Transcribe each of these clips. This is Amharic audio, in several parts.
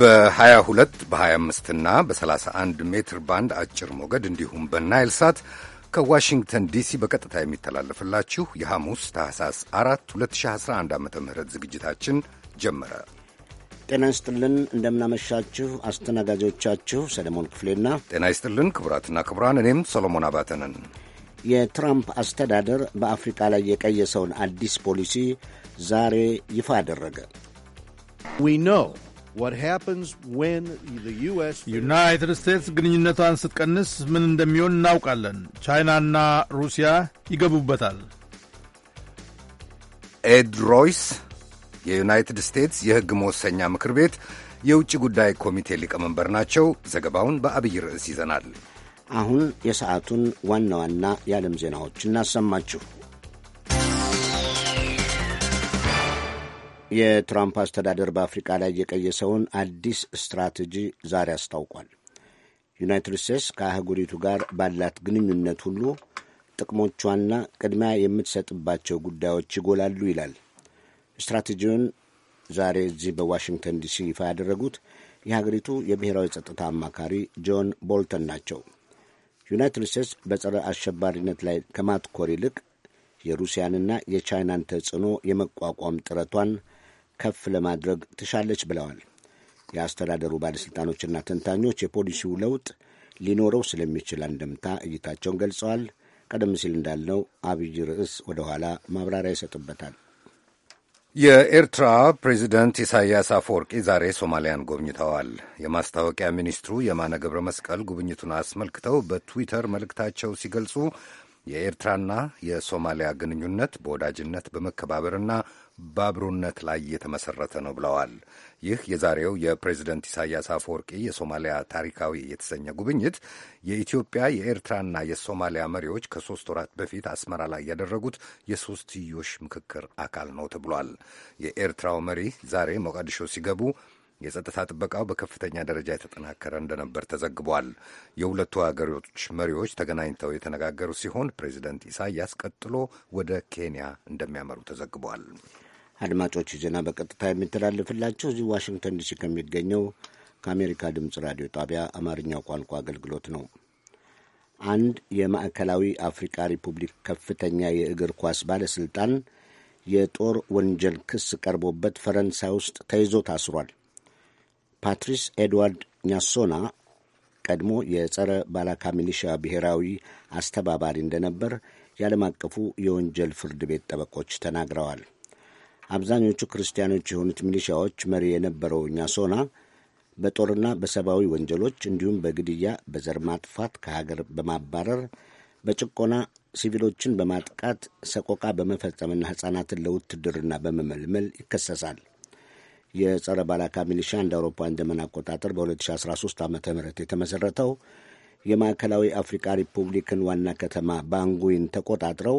በ22 በ25 እና በ31 ሜትር ባንድ አጭር ሞገድ እንዲሁም በናይል ሳት ከዋሽንግተን ዲሲ በቀጥታ የሚተላለፍላችሁ የሐሙስ ታህሳስ 4 2011 ዓ ም ዝግጅታችን ጀመረ። ጤና ይስጥልን። እንደምናመሻችሁ። አስተናጋጆቻችሁ ሰለሞን ክፍሌና ጤና ይስጥልን ክቡራትና ክቡራን፣ እኔም ሰሎሞን አባተ ነን። የትራምፕ አስተዳደር በአፍሪካ ላይ የቀየሰውን አዲስ ፖሊሲ ዛሬ ይፋ አደረገ። ዩናይትድ ስቴትስ ግንኙነቷን ስትቀንስ ምን እንደሚሆን እናውቃለን። ቻይናና ሩሲያ ይገቡበታል። ኤድ ሮይስ የዩናይትድ ስቴትስ የሕግ መወሰኛ ምክር ቤት የውጭ ጉዳይ ኮሚቴ ሊቀመንበር ናቸው። ዘገባውን በአብይ ርዕስ ይዘናል። አሁን የሰዓቱን ዋና ዋና የዓለም ዜናዎች እናሰማችሁ። የትራምፕ አስተዳደር በአፍሪቃ ላይ የቀየሰውን አዲስ ስትራቴጂ ዛሬ አስታውቋል። ዩናይትድ ስቴትስ ከአህጉሪቱ ጋር ባላት ግንኙነት ሁሉ ጥቅሞቿና ቅድሚያ የምትሰጥባቸው ጉዳዮች ይጎላሉ ይላል ስትራቴጂውን ዛሬ እዚህ በዋሽንግተን ዲሲ ይፋ ያደረጉት የሀገሪቱ የብሔራዊ ጸጥታ አማካሪ ጆን ቦልተን ናቸው። ዩናይትድ ስቴትስ በጸረ አሸባሪነት ላይ ከማትኮር ይልቅ የሩሲያንና የቻይናን ተጽዕኖ የመቋቋም ጥረቷን ከፍ ለማድረግ ትሻለች ብለዋል። የአስተዳደሩ ባለሥልጣኖችና ተንታኞች የፖሊሲው ለውጥ ሊኖረው ስለሚችል አንደምታ እይታቸውን ገልጸዋል። ቀደም ሲል እንዳልነው አብይ ርዕስ ወደ ኋላ ማብራሪያ ይሰጥበታል። የኤርትራ ፕሬዚደንት ኢሳያስ አፈወርቂ ዛሬ ሶማሊያን ጎብኝተዋል። የማስታወቂያ ሚኒስትሩ የማነ ገብረ መስቀል ጉብኝቱን አስመልክተው በትዊተር መልእክታቸው ሲገልጹ የኤርትራና የሶማሊያ ግንኙነት በወዳጅነት በመከባበርና በአብሮነት ላይ የተመሰረተ ነው ብለዋል። ይህ የዛሬው የፕሬዚደንት ኢሳያስ አፈወርቂ የሶማሊያ ታሪካዊ የተሰኘ ጉብኝት የኢትዮጵያ የኤርትራና የሶማሊያ መሪዎች ከሶስት ወራት በፊት አስመራ ላይ ያደረጉት የሶስትዮሽ ምክክር አካል ነው ተብሏል። የኤርትራው መሪ ዛሬ ሞቃዲሾ ሲገቡ የጸጥታ ጥበቃው በከፍተኛ ደረጃ የተጠናከረ እንደነበር ተዘግቧል። የሁለቱ ሀገሮች መሪዎች ተገናኝተው የተነጋገሩ ሲሆን ፕሬዚደንት ኢሳያስ ቀጥሎ ወደ ኬንያ እንደሚያመሩ ተዘግቧል። አድማጮች ዜና በቀጥታ የሚተላለፍላቸው እዚህ ዋሽንግተን ዲሲ ከሚገኘው ከአሜሪካ ድምፅ ራዲዮ ጣቢያ አማርኛው ቋንቋ አገልግሎት ነው። አንድ የማዕከላዊ አፍሪካ ሪፑብሊክ ከፍተኛ የእግር ኳስ ባለሥልጣን የጦር ወንጀል ክስ ቀርቦበት ፈረንሳይ ውስጥ ተይዞ ታስሯል። ፓትሪስ ኤድዋርድ ኛሶና ቀድሞ የጸረ ባላካ ሚሊሻ ብሔራዊ አስተባባሪ እንደነበር የዓለም አቀፉ የወንጀል ፍርድ ቤት ጠበቆች ተናግረዋል። አብዛኞቹ ክርስቲያኖች የሆኑት ሚሊሻዎች መሪ የነበረው ኛሶና በጦርና በሰብአዊ ወንጀሎች እንዲሁም በግድያ፣ በዘር ማጥፋት፣ ከሀገር በማባረር በጭቆና ሲቪሎችን በማጥቃት ሰቆቃ በመፈጸምና ሕፃናትን ለውትድርና በመመልመል ይከሰሳል። የጸረ ባላካ ሚሊሻ እንደ አውሮፓውያን ዘመን አቆጣጠር በ2013 ዓ ም የተመሠረተው የማዕከላዊ አፍሪካ ሪፑብሊክን ዋና ከተማ ባንጉይን ተቆጣጥረው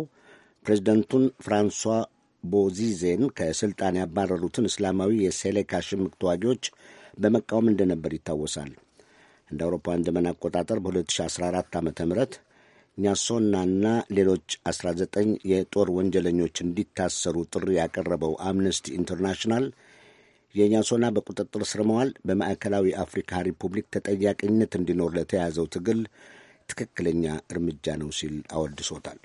ፕሬዚደንቱን ፍራንሷ ቦዚዜን ከስልጣን ያባረሩትን እስላማዊ የሴሌካ ሽምቅ ተዋጊዎች በመቃወም እንደነበር ይታወሳል። እንደ አውሮፓውያን ዘመን አቆጣጠር በ2014 ዓ ም ኛሶናና ሌሎች 19 የጦር ወንጀለኞች እንዲታሰሩ ጥሪ ያቀረበው አምነስቲ ኢንተርናሽናል የኛሶና በቁጥጥር ስር መዋል በማዕከላዊ አፍሪካ ሪፑብሊክ ተጠያቂነት እንዲኖር ለተያዘው ትግል ትክክለኛ እርምጃ ነው ሲል አወድሶታል።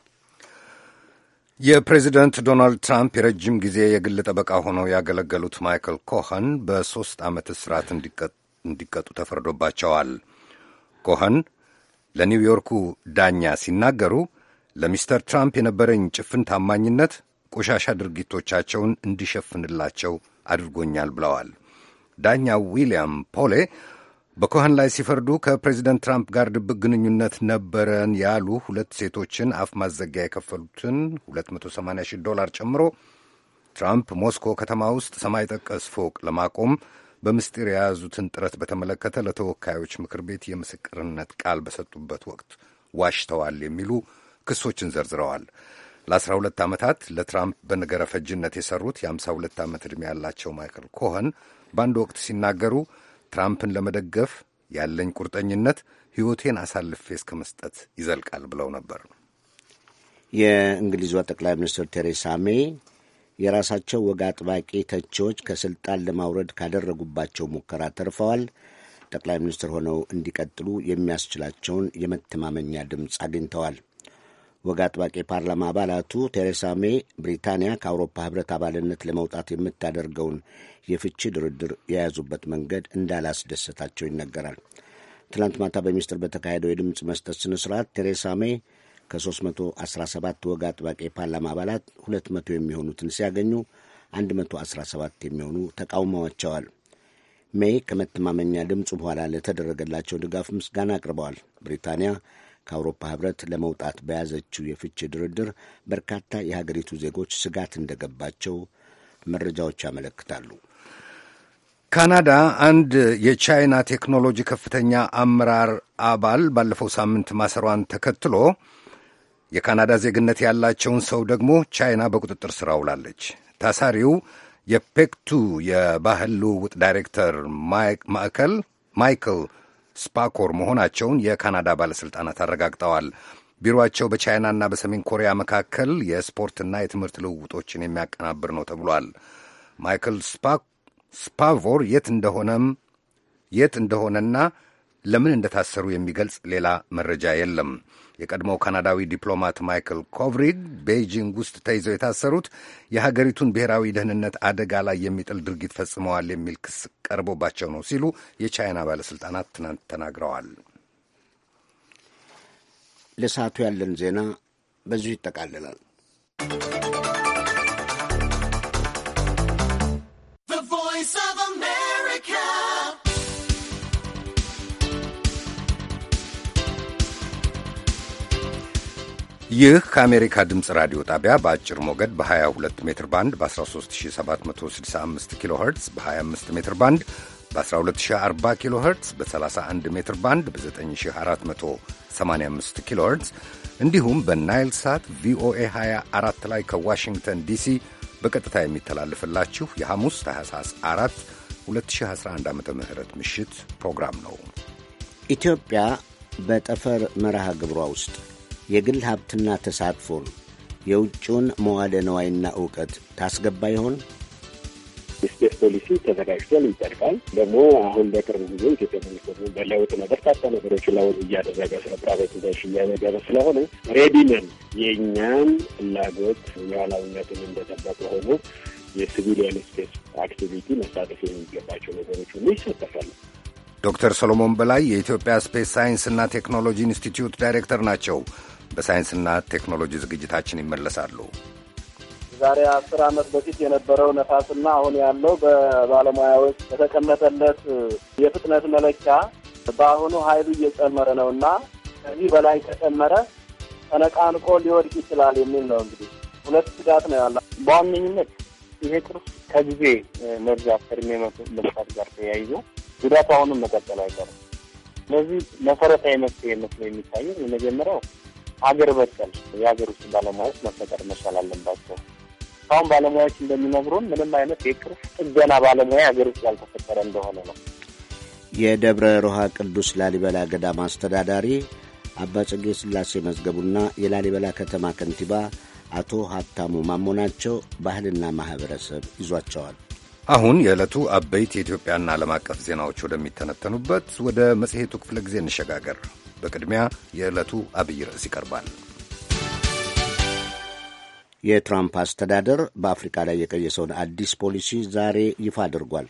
የፕሬዚደንት ዶናልድ ትራምፕ የረጅም ጊዜ የግል ጠበቃ ሆነው ያገለገሉት ማይክል ኮኸን በሦስት ዓመት እስራት እንዲቀጡ ተፈርዶባቸዋል። ኮኸን ለኒውዮርኩ ዳኛ ሲናገሩ ለሚስተር ትራምፕ የነበረኝ ጭፍን ታማኝነት ቆሻሻ ድርጊቶቻቸውን እንዲሸፍንላቸው አድርጎኛል ብለዋል። ዳኛ ዊልያም ፖሌ በኮኸን ላይ ሲፈርዱ ከፕሬዚደንት ትራምፕ ጋር ድብቅ ግንኙነት ነበረን ያሉ ሁለት ሴቶችን አፍ ማዘጊያ የከፈሉትን 280 ሺህ ዶላር ጨምሮ ትራምፕ ሞስኮ ከተማ ውስጥ ሰማይ ጠቀስ ፎቅ ለማቆም በምስጢር የያዙትን ጥረት በተመለከተ ለተወካዮች ምክር ቤት የምስክርነት ቃል በሰጡበት ወቅት ዋሽተዋል የሚሉ ክሶችን ዘርዝረዋል። ለ12 ዓመታት ለትራምፕ በነገረ ፈጅነት የሰሩት የ52 ዓመት ዕድሜ ያላቸው ማይክል ኮኸን በአንድ ወቅት ሲናገሩ ትራምፕን ለመደገፍ ያለኝ ቁርጠኝነት ሕይወቴን አሳልፌ እስከ መስጠት ይዘልቃል ብለው ነበር። የእንግሊዟ ጠቅላይ ሚኒስትር ቴሬሳ ሜይ የራሳቸው ወግ አጥባቂ ተቺዎች ከስልጣን ለማውረድ ካደረጉባቸው ሙከራ ተርፈዋል። ጠቅላይ ሚኒስትር ሆነው እንዲቀጥሉ የሚያስችላቸውን የመተማመኛ ድምፅ አግኝተዋል። ወግ አጥባቂ ፓርላማ አባላቱ ቴሬሳ ሜይ ብሪታንያ ከአውሮፓ ህብረት አባልነት ለመውጣት የምታደርገውን የፍቺ ድርድር የያዙበት መንገድ እንዳላስደሰታቸው ይነገራል። ትናንት ማታ በሚስጥር በተካሄደው የድምፅ መስጠት ስነ ስርዓት ቴሬሳ ሜይ ከ317 ወግ አጥባቂ የፓርላማ አባላት 200 የሚሆኑትን ሲያገኙ 117 የሚሆኑ ተቃውመዋቸዋል። ሜይ ከመተማመኛ ድምፁ በኋላ ለተደረገላቸው ድጋፍ ምስጋና አቅርበዋል። ብሪታንያ ከአውሮፓ ህብረት ለመውጣት በያዘችው የፍቺ ድርድር በርካታ የሀገሪቱ ዜጎች ስጋት እንደገባቸው መረጃዎች ያመለክታሉ። ካናዳ አንድ የቻይና ቴክኖሎጂ ከፍተኛ አመራር አባል ባለፈው ሳምንት ማሰሯን ተከትሎ የካናዳ ዜግነት ያላቸውን ሰው ደግሞ ቻይና በቁጥጥር ስር አውላለች። ታሳሪው የፔክቱ የባህል ልውውጥ ዳይሬክተር ማዕከል ማይክል ስፓኮር መሆናቸውን የካናዳ ባለሥልጣናት አረጋግጠዋል። ቢሮአቸው በቻይናና በሰሜን ኮሪያ መካከል የስፖርትና የትምህርት ልውውጦችን የሚያቀናብር ነው ተብሏል። ማይክል ስፓክ ስፓቮር የት እንደሆነም የት እንደሆነና ለምን እንደታሰሩ የሚገልጽ ሌላ መረጃ የለም። የቀድሞው ካናዳዊ ዲፕሎማት ማይክል ኮቭሪግ ቤይጂንግ ውስጥ ተይዘው የታሰሩት የሀገሪቱን ብሔራዊ ደህንነት አደጋ ላይ የሚጥል ድርጊት ፈጽመዋል የሚል ክስ ቀርቦባቸው ነው ሲሉ የቻይና ባለሥልጣናት ትናንት ተናግረዋል። ለሰዓቱ ያለን ዜና በዚሁ ይጠቃልላል። ይህ ከአሜሪካ ድምፅ ራዲዮ ጣቢያ በአጭር ሞገድ በ22 ሜትር ባንድ በ13765 ኪሎ ኸርትዝ በ25 ሜትር ባንድ በ1240 ኪሎ ኸርትዝ በ31 ሜትር ባንድ በ9485 ኪሎ ኸርትዝ እንዲሁም በናይል ሳት ቪኦኤ 24 ላይ ከዋሽንግተን ዲሲ በቀጥታ የሚተላልፍላችሁ የሐሙስ ታህሳስ 4 2011 ዓ ም ምሽት ፕሮግራም ነው። ኢትዮጵያ በጠፈር መርሃ ግብሯ ውስጥ የግል ሀብትና ተሳትፎን የውጭውን መዋለ ነዋይና እውቀት ታስገባ ይሆን? የስፔስ ፖሊሲ ተዘጋጅቷል፣ ይጠርቃል። ደግሞ አሁን በቅርብ ጊዜ ኢትዮጵያ መንግስት በለውጥ ነው በርካታ ነገሮች ለውጥ እያደረገ ስለ ፕራይቬታይዜሽን እያደረገ ስለሆነ ሬዲ ነን። የእኛን ፍላጎት የኋላዊነትን እንደጠበቀ ሆኖ የሲቪሊያን ስፔስ አክቲቪቲ መሳተፍ የሚገባቸው ነገሮች ሁሉ ይሳተፋል። ዶክተር ሰሎሞን በላይ የኢትዮጵያ ስፔስ ሳይንስና ቴክኖሎጂ ኢንስቲትዩት ዳይሬክተር ናቸው። በሳይንስና ቴክኖሎጂ ዝግጅታችን ይመለሳሉ። ዛሬ አስር ዓመት በፊት የነበረው ነፋስና አሁን ያለው በባለሙያዎች በተቀመጠለት የፍጥነት መለኪያ በአሁኑ ኃይሉ እየጨመረ ነው እና ከዚህ በላይ ከጨመረ ተነቃንቆ ሊወድቅ ይችላል የሚል ነው። እንግዲህ ሁለት ስጋት ነው ያለ። በዋነኝነት ይሄ ቁርስ ከጊዜ መብዛት ከእድሜ መብዛት ጋር ተያይዞ ጉዳቱ አሁንም መቀጠል አይቀርም። ስለዚህ መሰረታዊ መፍትሄ መስሎ የሚታየው የመጀመሪያው ሀገር በቀል የሀገር ውስጥ ባለሙያዎች መፈጠር መቻል አለባቸው። አሁን ባለሙያዎች እንደሚነግሩን ምንም አይነት የቅርስ ጥገና ባለሙያ ሀገር ውስጥ ያልተፈጠረ እንደሆነ ነው። የደብረ ሮሃ ቅዱስ ላሊበላ ገዳም አስተዳዳሪ አባ ጽጌ ሥላሴ መዝገቡና የላሊበላ ከተማ ከንቲባ አቶ ሀብታሙ ማሞ ናቸው። ባህልና ማኅበረሰብ ይዟቸዋል። አሁን የዕለቱ አበይት የኢትዮጵያና ዓለም አቀፍ ዜናዎች ወደሚተነተኑበት ወደ መጽሔቱ ክፍለ ጊዜ እንሸጋገር። በቅድሚያ የዕለቱ አብይ ርዕስ ይቀርባል። የትራምፕ አስተዳደር በአፍሪካ ላይ የቀየሰውን አዲስ ፖሊሲ ዛሬ ይፋ አድርጓል።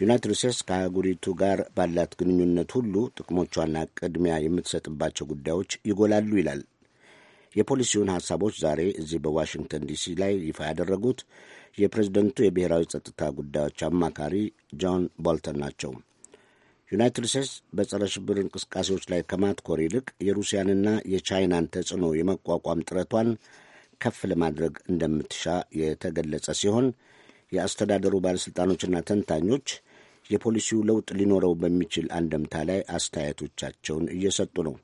ዩናይትድ ስቴትስ ከአህጉሪቱ ጋር ባላት ግንኙነት ሁሉ ጥቅሞቿና ቅድሚያ የምትሰጥባቸው ጉዳዮች ይጎላሉ ይላል። የፖሊሲውን ሐሳቦች ዛሬ እዚህ በዋሽንግተን ዲሲ ላይ ይፋ ያደረጉት የፕሬዝደንቱ የብሔራዊ ጸጥታ ጉዳዮች አማካሪ ጆን ቦልተን ናቸው። ዩናይትድ ስቴትስ በጸረ ሽብር እንቅስቃሴዎች ላይ ከማትኮር ይልቅ የሩሲያንና የቻይናን ተጽዕኖ የመቋቋም ጥረቷን ከፍ ለማድረግ እንደምትሻ የተገለጸ ሲሆን የአስተዳደሩ ባለሥልጣኖችና ተንታኞች የፖሊሲው ለውጥ ሊኖረው በሚችል አንደምታ ላይ አስተያየቶቻቸውን እየሰጡ ነው።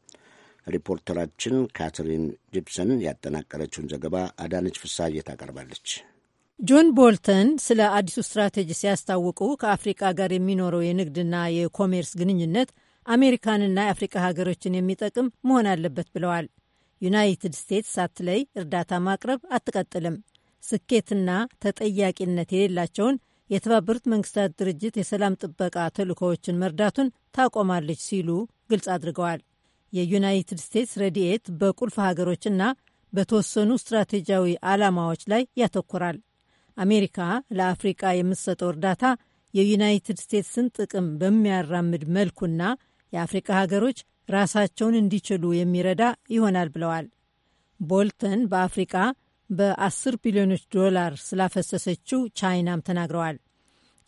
ሪፖርተራችን ካትሪን ጂፕሰን ያጠናቀረችውን ዘገባ አዳነች ፍሳዬ ታቀርባለች። ጆን ቦልተን ስለ አዲሱ ስትራቴጂ ሲያስታውቁ ከአፍሪቃ ጋር የሚኖረው የንግድና የኮሜርስ ግንኙነት አሜሪካንና የአፍሪቃ ሀገሮችን የሚጠቅም መሆን አለበት ብለዋል። ዩናይትድ ስቴትስ ሳትለይ እርዳታ ማቅረብ አትቀጥልም። ስኬትና ተጠያቂነት የሌላቸውን የተባበሩት መንግስታት ድርጅት የሰላም ጥበቃ ተልእኮዎችን መርዳቱን ታቆማለች ሲሉ ግልጽ አድርገዋል። የዩናይትድ ስቴትስ ረድኤት በቁልፍ ሀገሮችና በተወሰኑ ስትራቴጂያዊ ዓላማዎች ላይ ያተኩራል። አሜሪካ ለአፍሪቃ የምትሰጠው እርዳታ የዩናይትድ ስቴትስን ጥቅም በሚያራምድ መልኩና የአፍሪቃ ሀገሮች ራሳቸውን እንዲችሉ የሚረዳ ይሆናል ብለዋል። ቦልተን በአፍሪቃ በ10 ቢሊዮኖች ዶላር ስላፈሰሰችው ቻይናም ተናግረዋል።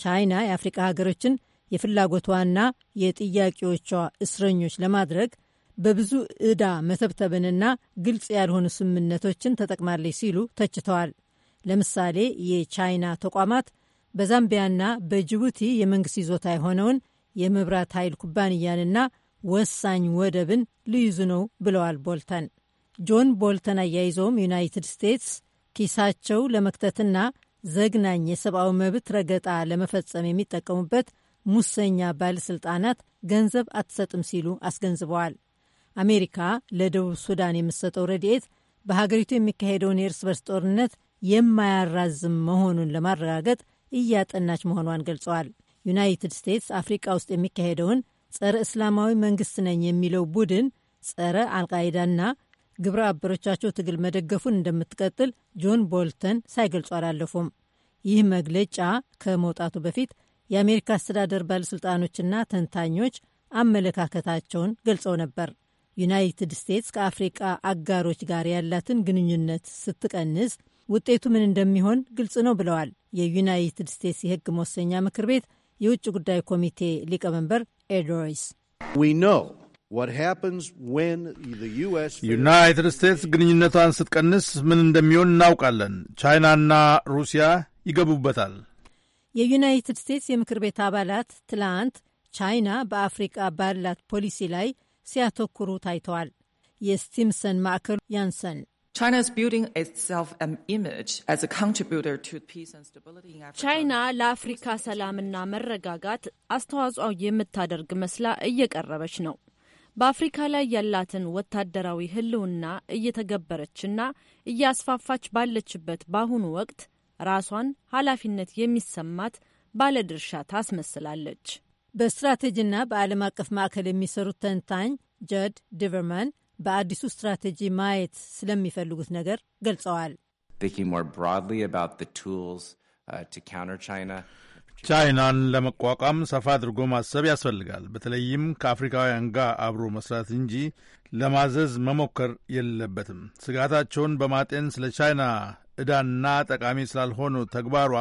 ቻይና የአፍሪቃ ሀገሮችን የፍላጎቷና የጥያቄዎቿ እስረኞች ለማድረግ በብዙ ዕዳ መተብተብንና ግልጽ ያልሆኑ ስምምነቶችን ተጠቅማለች ሲሉ ተችተዋል። ለምሳሌ የቻይና ተቋማት በዛምቢያና በጅቡቲ የመንግሥት ይዞታ የሆነውን የመብራት ኃይል ኩባንያንና ወሳኝ ወደብን ልይዙ ነው ብለዋል ቦልተን። ጆን ቦልተን አያይዘውም ዩናይትድ ስቴትስ ኪሳቸው ለመክተትና ዘግናኝ የሰብአዊ መብት ረገጣ ለመፈጸም የሚጠቀሙበት ሙሰኛ ባለሥልጣናት ገንዘብ አትሰጥም ሲሉ አስገንዝበዋል። አሜሪካ ለደቡብ ሱዳን የምትሰጠው ረድኤት በሀገሪቱ የሚካሄደውን የእርስ በርስ ጦርነት የማያራዝም መሆኑን ለማረጋገጥ እያጠናች መሆኗን ገልጸዋል። ዩናይትድ ስቴትስ አፍሪቃ ውስጥ የሚካሄደውን ጸረ እስላማዊ መንግስት ነኝ የሚለው ቡድን ጸረ አልቃይዳና ግብረ አበሮቻቸው ትግል መደገፉን እንደምትቀጥል ጆን ቦልተን ሳይገልጹ አላለፉም። ይህ መግለጫ ከመውጣቱ በፊት የአሜሪካ አስተዳደር ባለሥልጣኖችና ተንታኞች አመለካከታቸውን ገልጸው ነበር። ዩናይትድ ስቴትስ ከአፍሪቃ አጋሮች ጋር ያላትን ግንኙነት ስትቀንስ ውጤቱ ምን እንደሚሆን ግልጽ ነው ብለዋል የዩናይትድ ስቴትስ የህግ መወሰኛ ምክር ቤት የውጭ ጉዳይ ኮሚቴ ሊቀመንበር ኤድሮይስ ዩናይትድ ስቴትስ ግንኙነቷን ስትቀንስ ምን እንደሚሆን እናውቃለን። ቻይናና ሩሲያ ይገቡበታል። የዩናይትድ ስቴትስ የምክር ቤት አባላት ትላንት ቻይና በአፍሪቃ ባላት ፖሊሲ ላይ ሲያተኩሩ ታይተዋል። የስቲምሰን ማዕከሉ ያንሰን ቻይና ለአፍሪካ ሰላምና መረጋጋት አስተዋጽኦ የምታደርግ መስላ እየቀረበች ነው። በአፍሪካ ላይ ያላትን ወታደራዊ ሕልውና እየተገበረችና እያስፋፋች ባለችበት በአሁኑ ወቅት ራሷን ኃላፊነት የሚሰማት ባለድርሻ ታስመስላለች። በስትራቴጂና በዓለም አቀፍ ማዕከል የሚሰሩት ተንታኝ ጀድ ዲቨርማን በአዲሱ ስትራቴጂ ማየት ስለሚፈልጉት ነገር ገልጸዋል። uh, ቻይናን ለመቋቋም ሰፋ አድርጎ ማሰብ ያስፈልጋል። በተለይም ከአፍሪካውያን ጋር አብሮ መስራት እንጂ ለማዘዝ መሞከር የለበትም። ስጋታቸውን በማጤን ስለ ቻይና ዕዳና ጠቃሚ ስላልሆኑ ተግባሯ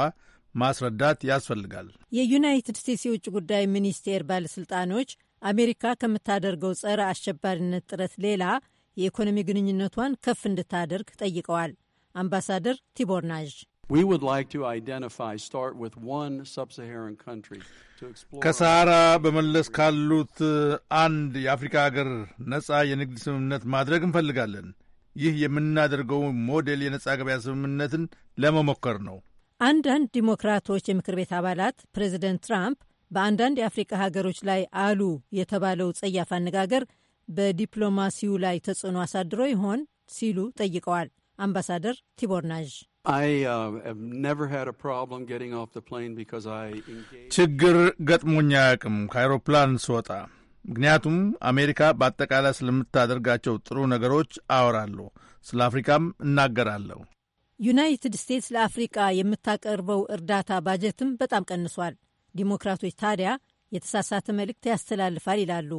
ማስረዳት ያስፈልጋል። የዩናይትድ ስቴትስ የውጭ ጉዳይ ሚኒስቴር ባለሥልጣኖች አሜሪካ ከምታደርገው ጸረ አሸባሪነት ጥረት ሌላ የኢኮኖሚ ግንኙነቷን ከፍ እንድታደርግ ጠይቀዋል። አምባሳደር ቲቦር ናዥ ከሰሃራ በመለስ ካሉት አንድ የአፍሪካ ሀገር ነጻ የንግድ ስምምነት ማድረግ እንፈልጋለን። ይህ የምናደርገው ሞዴል የነጻ ገበያ ስምምነትን ለመሞከር ነው። አንዳንድ ዲሞክራቶች የምክር ቤት አባላት ፕሬዚደንት ትራምፕ በአንዳንድ የአፍሪቃ ሀገሮች ላይ አሉ የተባለው ጸያፍ አነጋገር በዲፕሎማሲው ላይ ተጽዕኖ አሳድሮ ይሆን ሲሉ ጠይቀዋል አምባሳደር ቲቦር ናዥ። uh, ችግር ገጥሞኛ አያውቅም ከአይሮፕላን ስወጣ፣ ምክንያቱም አሜሪካ በአጠቃላይ ስለምታደርጋቸው ጥሩ ነገሮች አወራለሁ፣ ስለ አፍሪካም እናገራለሁ። ዩናይትድ ስቴትስ ለአፍሪቃ የምታቀርበው እርዳታ ባጀትም በጣም ቀንሷል። ዲሞክራቶች ታዲያ የተሳሳተ መልእክት ያስተላልፋል ይላሉ።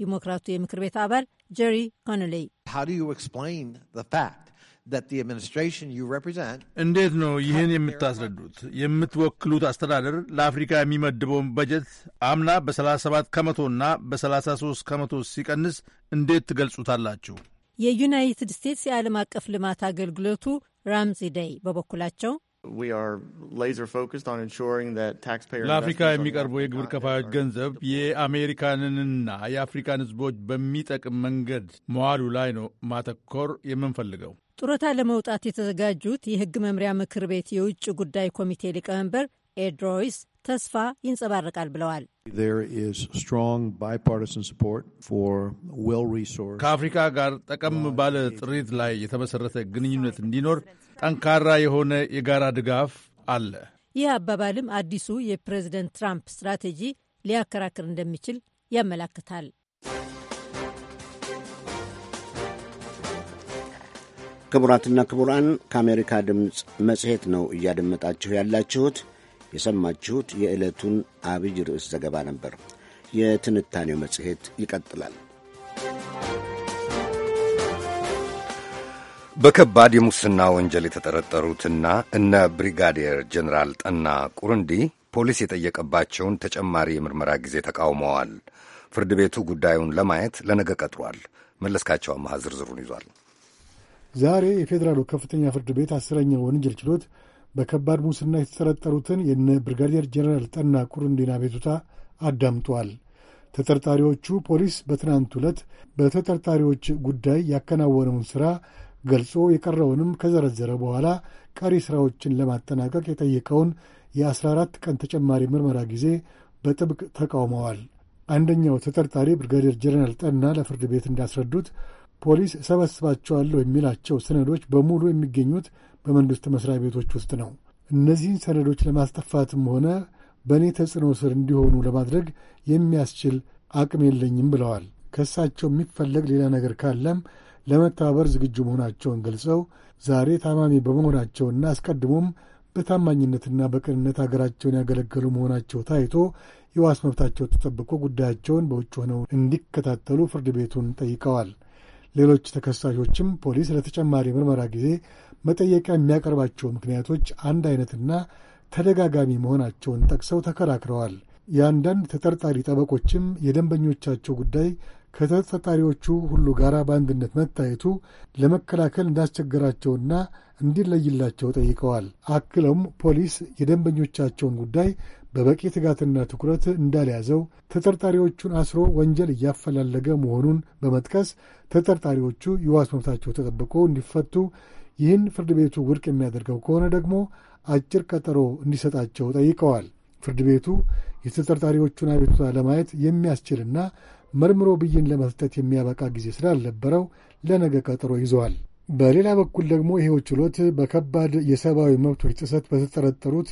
ዲሞክራቱ የምክር ቤት አባል ጀሪ ኮነሌይ። እንዴት ነው ይህን የምታስረዱት? የምትወክሉት አስተዳደር ለአፍሪካ የሚመድበውን በጀት አምና በ37 ከመቶ እና በ33 ከመቶ ሲቀንስ እንዴት ትገልጹታላችሁ? የዩናይትድ ስቴትስ የዓለም አቀፍ ልማት አገልግሎቱ ራምዚ ደይ በበኩላቸው ለአፍሪካ የሚቀርበው የግብር ከፋዮች ገንዘብ የአሜሪካንንና የአፍሪካን ሕዝቦች በሚጠቅም መንገድ መዋሉ ላይ ነው ማተኮር የምንፈልገው። ጡረታ ለመውጣት የተዘጋጁት የሕግ መምሪያ ምክር ቤት የውጭ ጉዳይ ኮሚቴ ሊቀመንበር ኤድሮይስ ተስፋ ይንጸባረቃል ብለዋል። ከአፍሪካ ጋር ጠቀም uh, ባለ ጥሪት ላይ የተመሠረተ ግንኙነት እንዲኖር ጠንካራ የሆነ የጋራ ድጋፍ አለ። ይህ አባባልም አዲሱ የፕሬዝደንት ትራምፕ ስትራቴጂ ሊያከራክር እንደሚችል ያመላክታል። ክቡራትና ክቡራን ከአሜሪካ ድምፅ መጽሔት ነው እያደመጣችሁ ያላችሁት። የሰማችሁት የዕለቱን አብይ ርዕስ ዘገባ ነበር። የትንታኔው መጽሔት ይቀጥላል። በከባድ የሙስና ወንጀል የተጠረጠሩትና እነ ብሪጋዴር ጀኔራል ጠና ቁርንዲ ፖሊስ የጠየቀባቸውን ተጨማሪ የምርመራ ጊዜ ተቃውመዋል። ፍርድ ቤቱ ጉዳዩን ለማየት ለነገ ቀጥሯል። መለስካቸው አማሃ ዝርዝሩን ይዟል። ዛሬ የፌዴራሉ ከፍተኛ ፍርድ ቤት አስረኛው ወንጀል ችሎት በከባድ ሙስና የተጠረጠሩትን የነ ብርጋዴር ጀነራል ጠና ቁሩንዲና ቤቱታ አዳምጧል። ተጠርጣሪዎቹ ፖሊስ በትናንት ዕለት በተጠርጣሪዎች ጉዳይ ያከናወነውን ሥራ ገልጾ የቀረውንም ከዘረዘረ በኋላ ቀሪ ሥራዎችን ለማጠናቀቅ የጠየቀውን የ14 ቀን ተጨማሪ ምርመራ ጊዜ በጥብቅ ተቃውመዋል። አንደኛው ተጠርጣሪ ብርጋዴር ጀነራል ጠና ለፍርድ ቤት እንዳስረዱት ፖሊስ እሰበስባቸዋለሁ የሚላቸው ሰነዶች በሙሉ የሚገኙት በመንግሥት መሥሪያ ቤቶች ውስጥ ነው። እነዚህን ሰነዶች ለማስጠፋትም ሆነ በእኔ ተጽዕኖ ስር እንዲሆኑ ለማድረግ የሚያስችል አቅም የለኝም ብለዋል። ከእሳቸው የሚፈለግ ሌላ ነገር ካለም ለመተባበር ዝግጁ መሆናቸውን ገልጸው ዛሬ ታማሚ በመሆናቸውና አስቀድሞም በታማኝነትና በቅንነት አገራቸውን ያገለገሉ መሆናቸው ታይቶ የዋስ መብታቸው ተጠብቆ ጉዳያቸውን በውጭ ሆነው እንዲከታተሉ ፍርድ ቤቱን ጠይቀዋል። ሌሎች ተከሳሾችም ፖሊስ ለተጨማሪ ምርመራ ጊዜ መጠየቂያ የሚያቀርባቸው ምክንያቶች አንድ አይነትና ተደጋጋሚ መሆናቸውን ጠቅሰው ተከራክረዋል። የአንዳንድ ተጠርጣሪ ጠበቆችም የደንበኞቻቸው ጉዳይ ከተጠርጣሪዎቹ ሁሉ ጋር በአንድነት መታየቱ ለመከላከል እንዳስቸገራቸውና እንዲለይላቸው ጠይቀዋል። አክለውም ፖሊስ የደንበኞቻቸውን ጉዳይ በበቂ ትጋትና ትኩረት እንዳልያዘው፣ ተጠርጣሪዎቹን አስሮ ወንጀል እያፈላለገ መሆኑን በመጥቀስ ተጠርጣሪዎቹ የዋስ መብታቸው ተጠብቆ እንዲፈቱ ይህን ፍርድ ቤቱ ውድቅ የሚያደርገው ከሆነ ደግሞ አጭር ቀጠሮ እንዲሰጣቸው ጠይቀዋል። ፍርድ ቤቱ የተጠርጣሪዎቹን አቤቱታ ለማየት የሚያስችልና መርምሮ ብይን ለመስጠት የሚያበቃ ጊዜ ስላልነበረው ለነገ ቀጠሮ ይዘዋል። በሌላ በኩል ደግሞ ይሄው ችሎት በከባድ የሰብአዊ መብቶች ጥሰት በተጠረጠሩት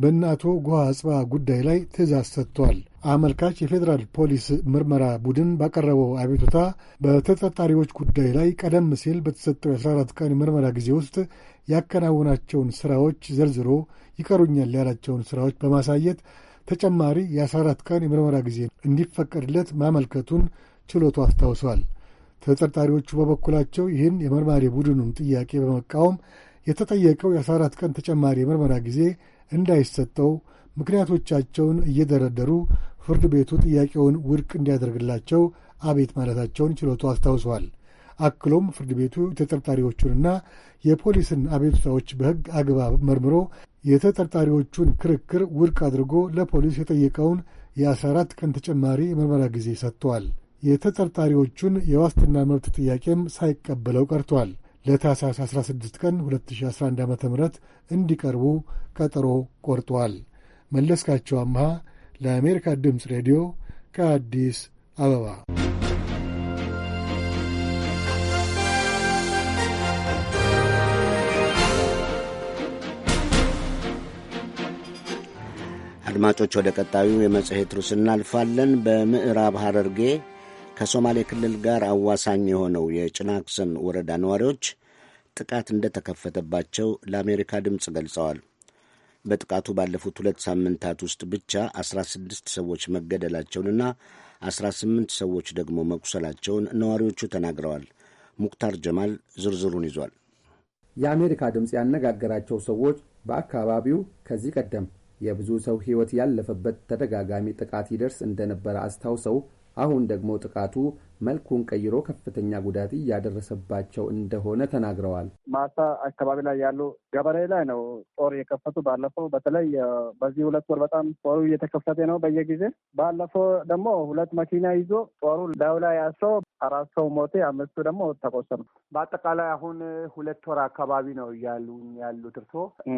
በእነ አቶ ጉሃ አጽባ ጉዳይ ላይ ትእዛዝ ሰጥቷል። አመልካች የፌዴራል ፖሊስ ምርመራ ቡድን ባቀረበው አቤቱታ በተጠርጣሪዎች ጉዳይ ላይ ቀደም ሲል በተሰጠው የ14 ቀን ምርመራ ጊዜ ውስጥ ያከናውናቸውን ስራዎች ዘርዝሮ ይቀሩኛል ያላቸውን ስራዎች በማሳየት ተጨማሪ የ14 ቀን የምርመራ ጊዜ እንዲፈቀድለት ማመልከቱን ችሎቱ አስታውሷል። ተጠርጣሪዎቹ በበኩላቸው ይህን የመርማሪ ቡድኑን ጥያቄ በመቃወም የተጠየቀው የ14 ቀን ተጨማሪ የምርመራ ጊዜ እንዳይሰጠው ምክንያቶቻቸውን እየደረደሩ ፍርድ ቤቱ ጥያቄውን ውድቅ እንዲያደርግላቸው አቤት ማለታቸውን ችሎቱ አስታውሰዋል። አክሎም ፍርድ ቤቱ የተጠርጣሪዎቹንና የፖሊስን አቤቱታዎች በሕግ አግባብ መርምሮ የተጠርጣሪዎቹን ክርክር ውድቅ አድርጎ ለፖሊስ የጠየቀውን የ14 ቀን ተጨማሪ የምርመራ ጊዜ ሰጥቷል። የተጠርጣሪዎቹን የዋስትና መብት ጥያቄም ሳይቀበለው ቀርቷል። ለታህሳስ 16 ቀን 2011 ዓ ም እንዲቀርቡ ቀጠሮ ቆርጧል። መለስካቸው አምሃ ለአሜሪካ ድምፅ ሬዲዮ ከአዲስ አበባ አድማጮች ወደ ቀጣዩ የመጽሔት ርዕስ እናልፋለን። በምዕራብ ሐረርጌ ከሶማሌ ክልል ጋር አዋሳኝ የሆነው የጭናክሰን ወረዳ ነዋሪዎች ጥቃት እንደተከፈተባቸው ለአሜሪካ ድምፅ ገልጸዋል። በጥቃቱ ባለፉት ሁለት ሳምንታት ውስጥ ብቻ 16 ሰዎች መገደላቸውንና 18 ሰዎች ደግሞ መቁሰላቸውን ነዋሪዎቹ ተናግረዋል። ሙክታር ጀማል ዝርዝሩን ይዟል። የአሜሪካ ድምፅ ያነጋገራቸው ሰዎች በአካባቢው ከዚህ ቀደም የብዙ ሰው ሕይወት ያለፈበት ተደጋጋሚ ጥቃት ይደርስ እንደነበረ አስታውሰው አሁን ደግሞ ጥቃቱ መልኩን ቀይሮ ከፍተኛ ጉዳት እያደረሰባቸው እንደሆነ ተናግረዋል። ማሳ አካባቢ ላይ ያሉ ገበሬ ላይ ነው ጦር የከፈቱ ባለፈው፣ በተለይ በዚህ ሁለት ወር በጣም ጦሩ እየተከፈተ ነው በየጊዜ። ባለፈው ደግሞ ሁለት መኪና ይዞ ጦሩ ላዩ ላይ ያሰው አራት ሰው ሞቴ፣ አምስቱ ደግሞ ተቆሰሉ። በአጠቃላይ አሁን ሁለት ወር አካባቢ ነው እያሉ ያሉት እርሶ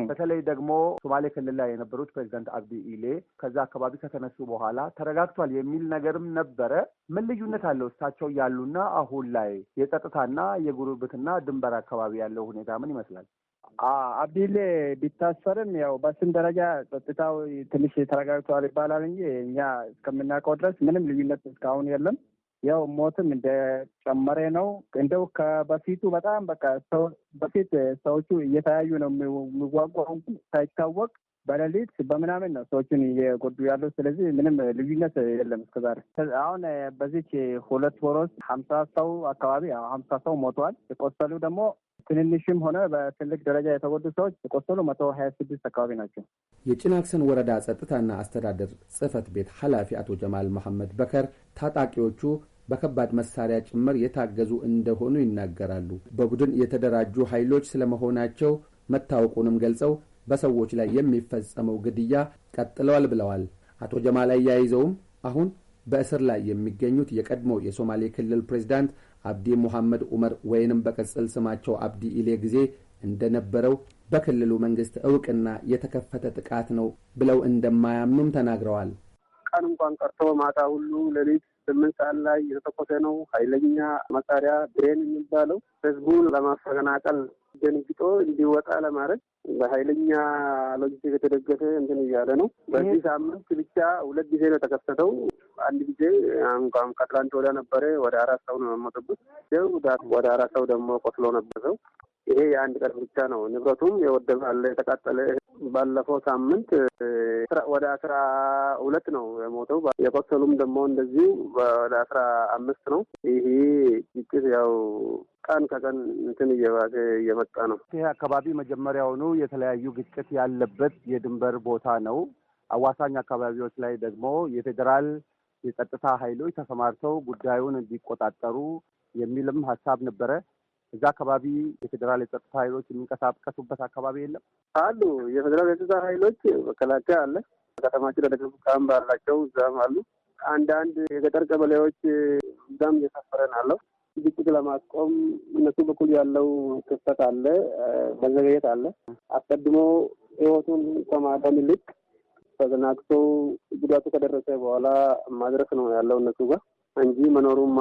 በተለይ ደግሞ ሶማሌ ክልል ላይ የነበሩት ፕሬዚዳንት አብዲ ኢሌ ከዛ አካባቢ ከተነሱ በኋላ ተረጋግቷል የሚል ነገርም ነበረ። ምን ልዩነት አለው? እሳቸው ያሉና አሁን ላይ የጸጥታና የጉርብትና ድንበር አካባቢ ያለው ሁኔታ ምን ይመስላል? አብዲሌ ቢታሰርም ያው በስም ደረጃ ጸጥታው ትንሽ ተረጋግቷል ይባላል እንጂ እኛ እስከምናውቀው ድረስ ምንም ልዩነት እስካሁን የለም። ያው ሞትም እንደጨመረ ነው። እንደው ከበፊቱ በጣም በቃ በፊት ሰዎቹ እየተያዩ ነው የሚዋጉ ሳይታወቅ በሌሊት በምናምን ነው ሰዎችን እየጎዱ ያሉ ስለዚህ ምንም ልዩነት የለም እስከዛሬ። አሁን በዚች ሁለት ወር ውስጥ ሀምሳ ሰው አካባቢ ሀምሳ ሰው ሞተዋል። የቆሰሉ ደግሞ ትንንሽም ሆነ በትልቅ ደረጃ የተጎዱ ሰዎች የቆሰሉ መቶ ሀያ ስድስት አካባቢ ናቸው። የጭናክሰን ወረዳ ጸጥታና አስተዳደር ጽህፈት ቤት ኃላፊ አቶ ጀማል መሐመድ በከር ታጣቂዎቹ በከባድ መሳሪያ ጭምር የታገዙ እንደሆኑ ይናገራሉ። በቡድን የተደራጁ ኃይሎች ስለመሆናቸው መታወቁንም ገልጸው በሰዎች ላይ የሚፈጸመው ግድያ ቀጥለዋል ብለዋል። አቶ ጀማል አያይዘውም አሁን በእስር ላይ የሚገኙት የቀድሞ የሶማሌ ክልል ፕሬዚዳንት አብዲ ሙሐመድ ዑመር ወይንም በቅጽል ስማቸው አብዲ ኢሌ ጊዜ እንደነበረው በክልሉ መንግስት እውቅና የተከፈተ ጥቃት ነው ብለው እንደማያምኑም ተናግረዋል። ቀን እንኳን ቀርቶ ማታ ሁሉ ሌሊት ስምንት ሰዓት ላይ የተተኮሰ ነው። ኃይለኛ መሳሪያ ብሬን የሚባለው ህዝቡን ለማፈናቀል ደንግጦ እንዲወጣ ለማድረግ በኃይለኛ ሎጂስቲክ የተደገፈ እንትን እያለ ነው። በዚህ ሳምንት ብቻ ሁለት ጊዜ ነው የተከሰተው። አንድ ጊዜ አንኳም ከአትላንት ወዲያ ነበረ። ወደ አራት ሰው ነው የሞተበት። ወደ አራት ሰው ደግሞ ቆስሎ ነበር ሰው ይሄ የአንድ ቀን ብቻ ነው። ንብረቱም የወደመ አለ፣ የተቃጠለ ባለፈው ሳምንት ወደ አስራ ሁለት ነው የሞተው። የቆሰሉም ደግሞ እንደዚሁ ወደ አስራ አምስት ነው። ይሄ ግጭት ያው ቀን ከቀን እንትን እየባሰ እየመጣ ነው። ይሄ አካባቢ መጀመሪያውኑ የተለያዩ ግጭት ያለበት የድንበር ቦታ ነው። አዋሳኝ አካባቢዎች ላይ ደግሞ የፌዴራል የጸጥታ ኃይሎች ተሰማርተው ጉዳዩን እንዲቆጣጠሩ የሚልም ሀሳብ ነበረ። እዛ አካባቢ የፌዴራል የጸጥታ ኃይሎች የሚንቀሳቀሱበት አካባቢ የለም አሉ። የፌዴራል የጸጥታ ኃይሎች መከላከያ አለ። ከተማችን ወደ ደቡብ አላቸው፣ እዛም አሉ። አንዳንድ የገጠር ቀበሌዎች እዛም እየሰፈረን አለው። ግጭት ለማስቆም እነሱ በኩል ያለው ክፍተት አለ፣ መዘገየት አለ። አስቀድሞ ህይወቱን ከማዳን ይልቅ ተዘናግቶ ጉዳቱ ከደረሰ በኋላ ማድረስ ነው ያለው እነሱ ጋር እንጂ መኖሩማ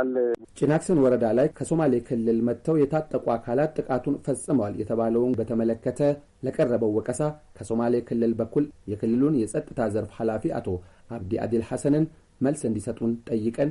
አለ። ጭናክሰን ወረዳ ላይ ከሶማሌ ክልል መጥተው የታጠቁ አካላት ጥቃቱን ፈጽመዋል የተባለውን በተመለከተ ለቀረበው ወቀሳ ከሶማሌ ክልል በኩል የክልሉን የጸጥታ ዘርፍ ኃላፊ አቶ አብዲ አዲል ሐሰንን መልስ እንዲሰጡን ጠይቀን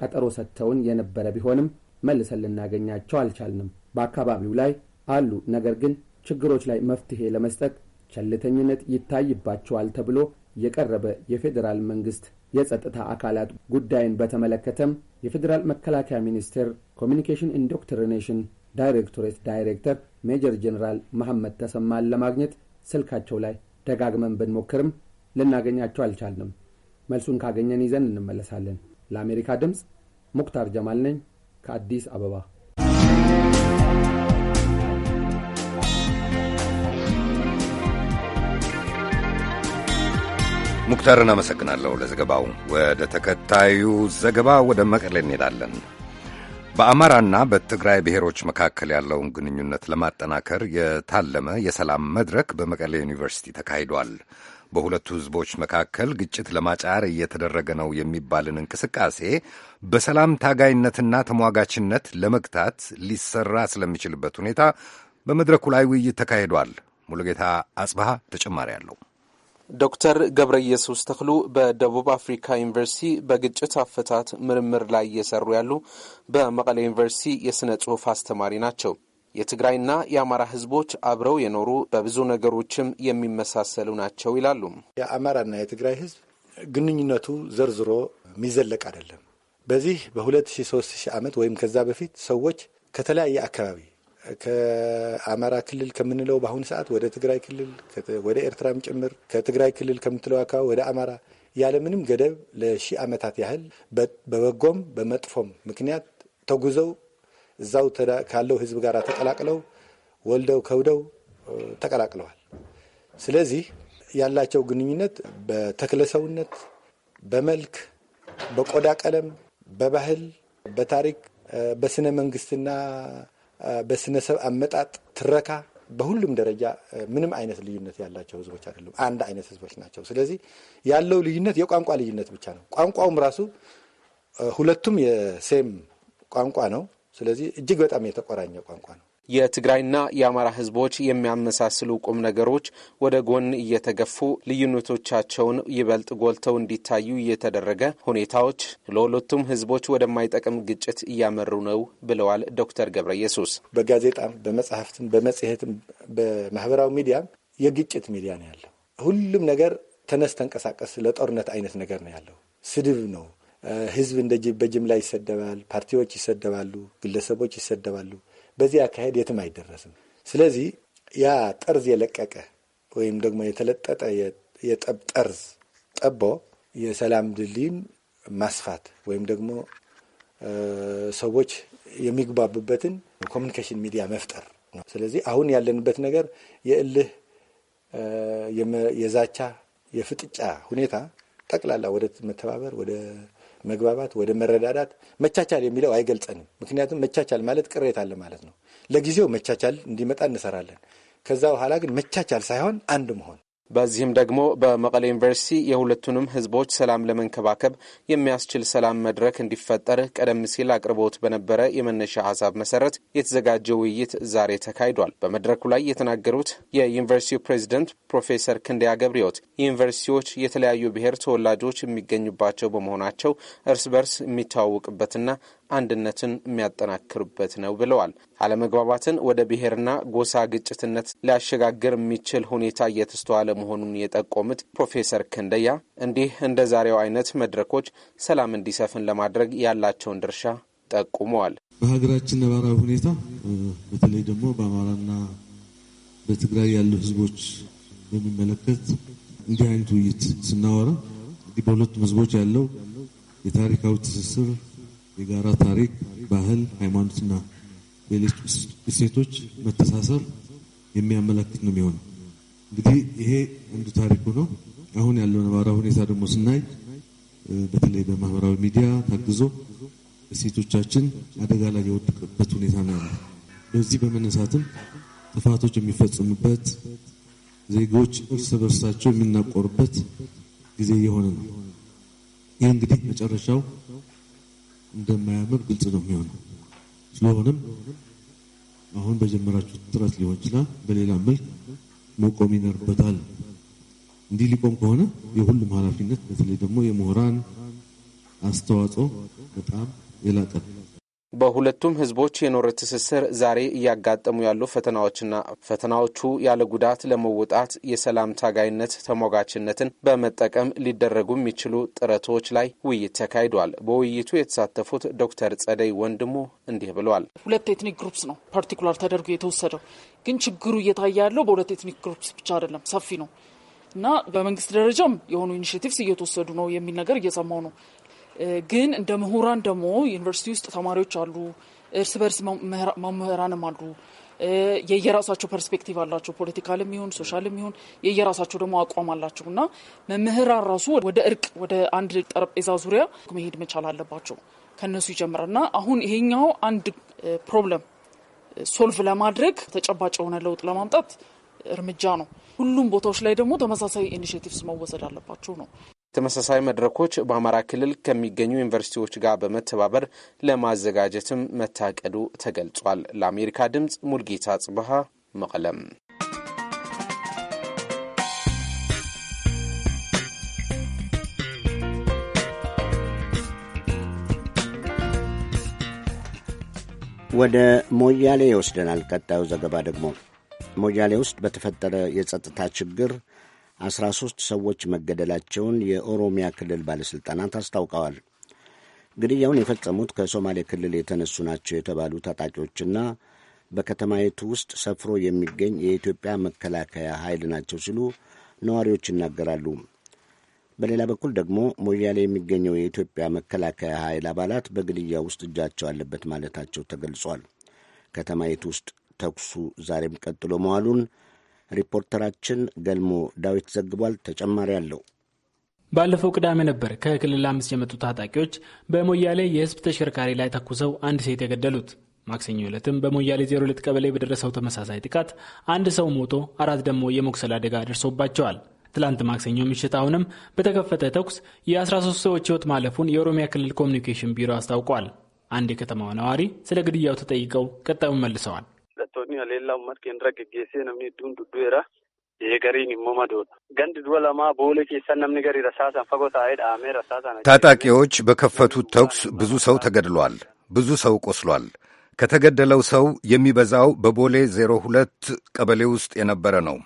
ቀጠሮ ሰጥተውን የነበረ ቢሆንም መልሰን ልናገኛቸው አልቻልንም። በአካባቢው ላይ አሉ፣ ነገር ግን ችግሮች ላይ መፍትሄ ለመስጠት ቸልተኝነት ይታይባቸዋል ተብሎ የቀረበ የፌዴራል መንግስት የጸጥታ አካላት ጉዳይን በተመለከተም የፌዴራል መከላከያ ሚኒስቴር ኮሚኒኬሽን ኢንዶክትሪኔሽን ዳይሬክቶሬት ዳይሬክተር ሜጀር ጀኔራል መሐመድ ተሰማን ለማግኘት ስልካቸው ላይ ደጋግመን ብንሞክርም ልናገኛቸው አልቻልንም። መልሱን ካገኘን ይዘን እንመለሳለን። ለአሜሪካ ድምፅ ሙክታር ጀማል ነኝ ከአዲስ አበባ። ሙክታርን አመሰግናለሁ ለዘገባው። ወደ ተከታዩ ዘገባ ወደ መቀሌ እንሄዳለን። በአማራና በትግራይ ብሔሮች መካከል ያለውን ግንኙነት ለማጠናከር የታለመ የሰላም መድረክ በመቀሌ ዩኒቨርሲቲ ተካሂዷል። በሁለቱ ሕዝቦች መካከል ግጭት ለማጫር እየተደረገ ነው የሚባልን እንቅስቃሴ በሰላም ታጋይነትና ተሟጋችነት ለመግታት ሊሰራ ስለሚችልበት ሁኔታ በመድረኩ ላይ ውይይት ተካሂዷል። ሙሉጌታ አጽባሃ ተጨማሪ አለው። ዶክተር ገብረ ኢየሱስ ተክሉ በደቡብ አፍሪካ ዩኒቨርሲቲ በግጭት አፈታት ምርምር ላይ እየሰሩ ያሉ በመቀለ ዩኒቨርሲቲ የሥነ ጽሑፍ አስተማሪ ናቸው። የትግራይና የአማራ ህዝቦች አብረው የኖሩ በብዙ ነገሮችም የሚመሳሰሉ ናቸው ይላሉ። የአማራና የትግራይ ህዝብ ግንኙነቱ ዘርዝሮ የሚዘለቅ አይደለም። በዚህ በ 2300 ዓመት ወይም ከዛ በፊት ሰዎች ከተለያየ አካባቢ ከአማራ ክልል ከምንለው በአሁኑ ሰዓት ወደ ትግራይ ክልል ወደ ኤርትራም ጭምር ከትግራይ ክልል ከምትለው አካባቢ ወደ አማራ ያለምንም ገደብ ለሺህ ዓመታት ያህል በበጎም በመጥፎም ምክንያት ተጉዘው እዛው ካለው ህዝብ ጋር ተቀላቅለው ወልደው ከብደው ተቀላቅለዋል። ስለዚህ ያላቸው ግንኙነት በተክለ ሰውነት፣ በመልክ፣ በቆዳ ቀለም፣ በባህል፣ በታሪክ፣ በስነ መንግስትና በስነሰብ አመጣጥ ትረካ በሁሉም ደረጃ ምንም አይነት ልዩነት ያላቸው ህዝቦች አይደሉም። አንድ አይነት ህዝቦች ናቸው። ስለዚህ ያለው ልዩነት የቋንቋ ልዩነት ብቻ ነው። ቋንቋውም ራሱ ሁለቱም የሴም ቋንቋ ነው። ስለዚህ እጅግ በጣም የተቆራኘ ቋንቋ ነው። የትግራይና የአማራ ህዝቦች የሚያመሳስሉ ቁም ነገሮች ወደ ጎን እየተገፉ ልዩነቶቻቸውን ይበልጥ ጎልተው እንዲታዩ እየተደረገ ሁኔታዎች ለሁለቱም ህዝቦች ወደማይጠቅም ግጭት እያመሩ ነው ብለዋል ዶክተር ገብረ ኢየሱስ። በጋዜጣም፣ በመጽሐፍትም፣ በመጽሔትም በማህበራዊ ሚዲያም የግጭት ሚዲያ ነው ያለው። ሁሉም ነገር ተነስ ተንቀሳቀስ ለጦርነት አይነት ነገር ነው ያለው። ስድብ ነው። ህዝብ እንደ በጅምላ ይሰደባል። ፓርቲዎች ይሰደባሉ። ግለሰቦች ይሰደባሉ። በዚህ አካሄድ የትም አይደረስም። ስለዚህ ያ ጠርዝ የለቀቀ ወይም ደግሞ የተለጠጠ የጠብ ጠርዝ ጠቦ የሰላም ድልድይን ማስፋት ወይም ደግሞ ሰዎች የሚግባቡበትን ኮሚኒኬሽን ሚዲያ መፍጠር ነው። ስለዚህ አሁን ያለንበት ነገር የእልህ የዛቻ፣ የፍጥጫ ሁኔታ ጠቅላላ ወደ መተባበር ወደ መግባባት፣ ወደ መረዳዳት መቻቻል የሚለው አይገልጸንም። ምክንያቱም መቻቻል ማለት ቅሬታ አለ ማለት ነው። ለጊዜው መቻቻል እንዲመጣ እንሰራለን። ከዛ በኋላ ግን መቻቻል ሳይሆን አንድ መሆን በዚህም ደግሞ በመቀሌ ዩኒቨርሲቲ የሁለቱንም ህዝቦች ሰላም ለመንከባከብ የሚያስችል ሰላም መድረክ እንዲፈጠር ቀደም ሲል አቅርቦት በነበረ የመነሻ ሀሳብ መሰረት የተዘጋጀ ውይይት ዛሬ ተካሂዷል። በመድረኩ ላይ የተናገሩት የዩኒቨርሲቲው ፕሬዚደንት ፕሮፌሰር ክንደያ ገብረሕይወት ዩኒቨርሲቲዎች የተለያዩ ብሔር ተወላጆች የሚገኙባቸው በመሆናቸው እርስ በርስ የሚተዋወቅበትና አንድነትን የሚያጠናክርበት ነው ብለዋል። አለመግባባትን ወደ ብሔርና ጎሳ ግጭትነት ሊያሸጋግር የሚችል ሁኔታ እየተስተዋለ መሆኑን የጠቆሙት ፕሮፌሰር ክንደያ እንዲህ እንደ ዛሬው አይነት መድረኮች ሰላም እንዲሰፍን ለማድረግ ያላቸውን ድርሻ ጠቁመዋል። በሀገራችን ነባራዊ ሁኔታ በተለይ ደግሞ በአማራና በትግራይ ያሉ ህዝቦች በሚመለከት እንዲህ አይነት ውይይት ስናወራ በሁለቱም ህዝቦች ያለው የታሪካዊ ትስስር የጋራ ታሪክ፣ ባህል፣ ሃይማኖትና ሌሎች እሴቶች መተሳሰር የሚያመለክት ነው የሚሆነው። እንግዲህ ይሄ አንዱ ታሪኩ ነው። አሁን ያለው ነባራዊ ሁኔታ ደግሞ ስናይ በተለይ በማህበራዊ ሚዲያ ታግዞ እሴቶቻችን አደጋ ላይ የወደቀበት ሁኔታ ነው ያለው። በዚህ በመነሳትም ጥፋቶች የሚፈጽሙበት ዜጎች እርስ በርሳቸው የሚናቆርበት ጊዜ የሆነ ነው። ይህ እንግዲህ መጨረሻው እንደማያምር ግልጽ ነው የሚሆነው። ስለሆነም አሁን በጀመራችሁ ጥረት ሊሆን ይችላል፣ በሌላ መልክ መቆም ይኖርበታል። እንዲህ ሊቆም ከሆነ የሁሉም ኃላፊነት፣ በተለይ ደግሞ የምሁራን አስተዋጽኦ በጣም የላቀ በሁለቱም ህዝቦች የኖረ ትስስር ዛሬ እያጋጠሙ ያሉ ፈተናዎችና ፈተናዎቹ ያለ ጉዳት ለመወጣት የሰላም ታጋይነት ተሟጋችነትን በመጠቀም ሊደረጉ የሚችሉ ጥረቶች ላይ ውይይት ተካሂዷል። በውይይቱ የተሳተፉት ዶክተር ጸደይ ወንድሙ እንዲህ ብለዋል። ሁለት ኤትኒክ ግሩፕስ ነው ፓርቲኩላር ተደርጎ የተወሰደው፣ ግን ችግሩ እየታየ ያለው በሁለት ኤትኒክ ግሩፕስ ብቻ አይደለም፣ ሰፊ ነው እና በመንግስት ደረጃም የሆኑ ኢኒሽቲቭስ እየተወሰዱ ነው የሚል ነገር እየሰማው ነው። ግን እንደ ምሁራን ደግሞ ዩኒቨርሲቲ ውስጥ ተማሪዎች አሉ፣ እርስ በርስ መምህራንም አሉ። የየራሳቸው ፐርስፔክቲቭ አላቸው። ፖለቲካልም ይሁን ሶሻልም ይሁን የየራሳቸው ደግሞ አቋም አላቸው እና መምህራን ራሱ ወደ እርቅ ወደ አንድ ጠረጴዛ ዙሪያ መሄድ መቻል አለባቸው። ከነሱ ይጀምራል እና አሁን ይሄኛው አንድ ፕሮብለም ሶልቭ ለማድረግ ተጨባጭ የሆነ ለውጥ ለማምጣት እርምጃ ነው። ሁሉም ቦታዎች ላይ ደግሞ ተመሳሳይ ኢኒሽቲቭስ መወሰድ አለባቸው ነው። ተመሳሳይ መድረኮች በአማራ ክልል ከሚገኙ ዩኒቨርሲቲዎች ጋር በመተባበር ለማዘጋጀትም መታቀዱ ተገልጿል። ለአሜሪካ ድምፅ ሙልጌታ ጽብሃ መቀለም። ወደ ሞያሌ ይወስደናል። ቀጣዩ ዘገባ ደግሞ ሞያሌ ውስጥ በተፈጠረ የጸጥታ ችግር አስራ ሶስት ሰዎች መገደላቸውን የኦሮሚያ ክልል ባለሥልጣናት አስታውቀዋል። ግድያውን የፈጸሙት ከሶማሌ ክልል የተነሱ ናቸው የተባሉ ታጣቂዎችና በከተማይቱ ውስጥ ሰፍሮ የሚገኝ የኢትዮጵያ መከላከያ ኃይል ናቸው ሲሉ ነዋሪዎች ይናገራሉ። በሌላ በኩል ደግሞ ሞያሌ የሚገኘው የኢትዮጵያ መከላከያ ኃይል አባላት በግድያ ውስጥ እጃቸው አለበት ማለታቸው ተገልጿል። ከተማይቱ ውስጥ ተኩሱ ዛሬም ቀጥሎ መዋሉን ሪፖርተራችን ገልሞ ዳዊት ዘግቧል። ተጨማሪ አለው። ባለፈው ቅዳሜ ነበር ከክልል አምስት የመጡ ታጣቂዎች በሞያሌ የህዝብ ተሽከርካሪ ላይ ተኩሰው አንድ ሴት የገደሉት። ማክሰኞ ዕለትም በሞያሌ ሁለት ቀበሌ በደረሰው ተመሳሳይ ጥቃት አንድ ሰው ሞቶ አራት ደግሞ የመቁሰል አደጋ ደርሶባቸዋል። ትላንት ማክሰኞ ምሽት አሁንም በተከፈተ ተኩስ የ13 ሰዎች ህይወት ማለፉን የኦሮሚያ ክልል ኮሚኒኬሽን ቢሮ አስታውቋል። አንድ የከተማዋ ነዋሪ ስለ ግድያው ተጠይቀው ቀጣዩን መልሰዋል። Namni haleellaa uummata keenyarra geggeessee namni hedduun duddu'eera. Eegariin immoo madoodha. Gandi du'a lamaa boole keessan namni gari rasaasan fagoo taa'ee dhahamee rasaasan ታጣቂዎች በከፈቱት ተኩስ ብዙ ሰው ተገድሏል። ብዙ ሰው ቆስሏል። ከተገደለው ሰው የሚበዛው በቦሌ 02 ቀበሌ ውስጥ የነበረ ነው።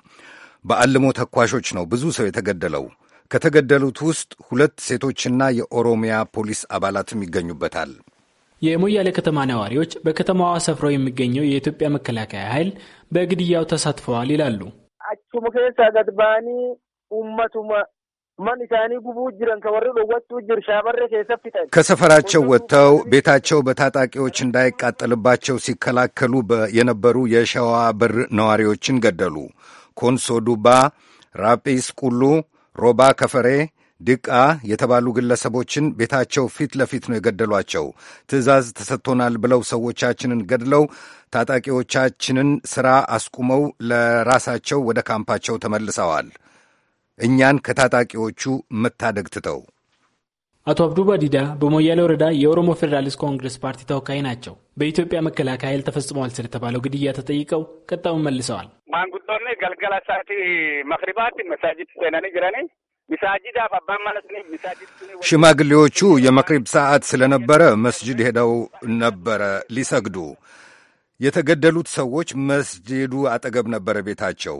በአልሞ ተኳሾች ነው ብዙ ሰው የተገደለው። ከተገደሉት ውስጥ ሁለት ሴቶችና የኦሮሚያ ፖሊስ አባላትም ይገኙበታል። የሞያሌ ከተማ ነዋሪዎች በከተማዋ ሰፍረው የሚገኘው የኢትዮጵያ መከላከያ ኃይል በግድያው ተሳትፈዋል ይላሉ። አቹሙ ገድባኒ ኡመቱማ ማን ኢሳኒ ጉቡ ጅረን ወጡ ጅር ሻበረ ከሰፈራቸው ወጥተው ቤታቸው በታጣቂዎች እንዳይቃጠልባቸው ሲከላከሉ የነበሩ የሸዋ በር ነዋሪዎችን ገደሉ። ኮንሶ ዱባ፣ ራጲስ፣ ቁሉ፣ ሮባ ከፈሬ ዲቃ የተባሉ ግለሰቦችን ቤታቸው ፊት ለፊት ነው የገደሏቸው። ትዕዛዝ ተሰጥቶናል ብለው ሰዎቻችንን ገድለው ታጣቂዎቻችንን ሥራ አስቁመው ለራሳቸው ወደ ካምፓቸው ተመልሰዋል። እኛን ከታጣቂዎቹ መታደግ ትተው። አቶ አብዱ ባዲዳ በሞያሌ ወረዳ የኦሮሞ ፌዴራሊስት ኮንግረስ ፓርቲ ተወካይ ናቸው። በኢትዮጵያ መከላከያ ኃይል ተፈጽመዋል ስለተባለው ግድያ ተጠይቀው ቀጣዩን መልሰዋል። ማንጉጦኒ ገልገላ ሳቲ መክሪባት መሳጅት ሴናኒ ጅረኒ ሽማግሌዎቹ የመክሪብ ሰዓት ስለነበረ መስጅድ ሄደው ነበረ ሊሰግዱ። የተገደሉት ሰዎች መስጅዱ አጠገብ ነበረ ቤታቸው።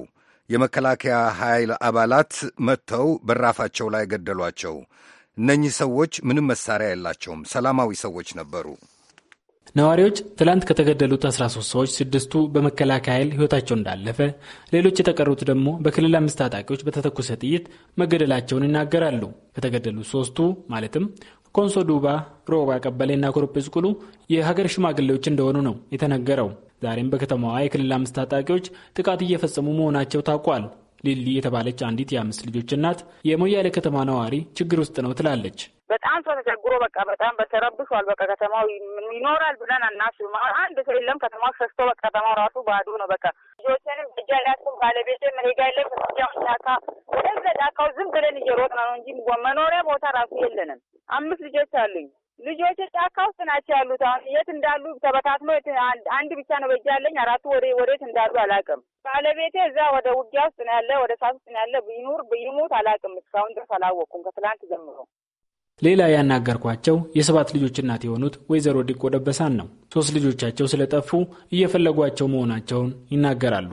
የመከላከያ ኃይል አባላት መጥተው በራፋቸው ላይ ገደሏቸው። እነኚህ ሰዎች ምንም መሳሪያ የላቸውም፣ ሰላማዊ ሰዎች ነበሩ። ነዋሪዎች ትላንት ከተገደሉት 13 ሰዎች ስድስቱ በመከላከያ ኃይል ሕይወታቸው እንዳለፈ፣ ሌሎች የተቀሩት ደግሞ በክልል አምስት ታጣቂዎች በተተኮሰ ጥይት መገደላቸውን ይናገራሉ። ከተገደሉት ሶስቱ ማለትም ኮንሶ ዱባ፣ ሮባ ቀበሌና ኮርጴስ ቁሉ የሀገር ሽማግሌዎች እንደሆኑ ነው የተነገረው። ዛሬም በከተማዋ የክልል አምስት ታጣቂዎች ጥቃት እየፈጸሙ መሆናቸው ታውቋል። ሊሊ የተባለች አንዲት የአምስት ልጆች እናት የሞያሌ ከተማ ነዋሪ ችግር ውስጥ ነው ትላለች። በጣም ሰው ተቸግሮ በቃ በጣም በተረብሿል። በቃ ከተማው ይኖራል ብለን አናስብም። አንድ ሰው የለም። ከተማው ሸሽቶ በቃ ከተማው ራሱ ባዶ ነው። በቃ ልጆችንም እጃ ባለቤት መሄጃ የለም። ጫካ ወደዛ ጫካው ዝም ብለን እየሮጥን ነው እንጂ መኖሪያ ቦታ ራሱ የለንም። አምስት ልጆች አሉኝ። ልጆች ጫካ ውስጥ ናቸው ያሉት። አሁን የት እንዳሉ ተበታትኖ አንድ ብቻ ነው በእጅ ያለኝ። አራቱ ወደ ወዴት እንዳሉ አላውቅም። ባለቤቴ እዛ ወደ ውጊያ ውስጥ ነው ያለ፣ ወደ ሳት ውስጥ ነው ያለ። ይኑር ይሙት አላውቅም። እስካሁን ድረስ አላወቅኩም ከትላንት ጀምሮ ሌላ ያናገርኳቸው የሰባት ልጆች እናት የሆኑት ወይዘሮ ዲቆ ደበሳን ነው። ሶስት ልጆቻቸው ስለጠፉ እየፈለጓቸው መሆናቸውን ይናገራሉ።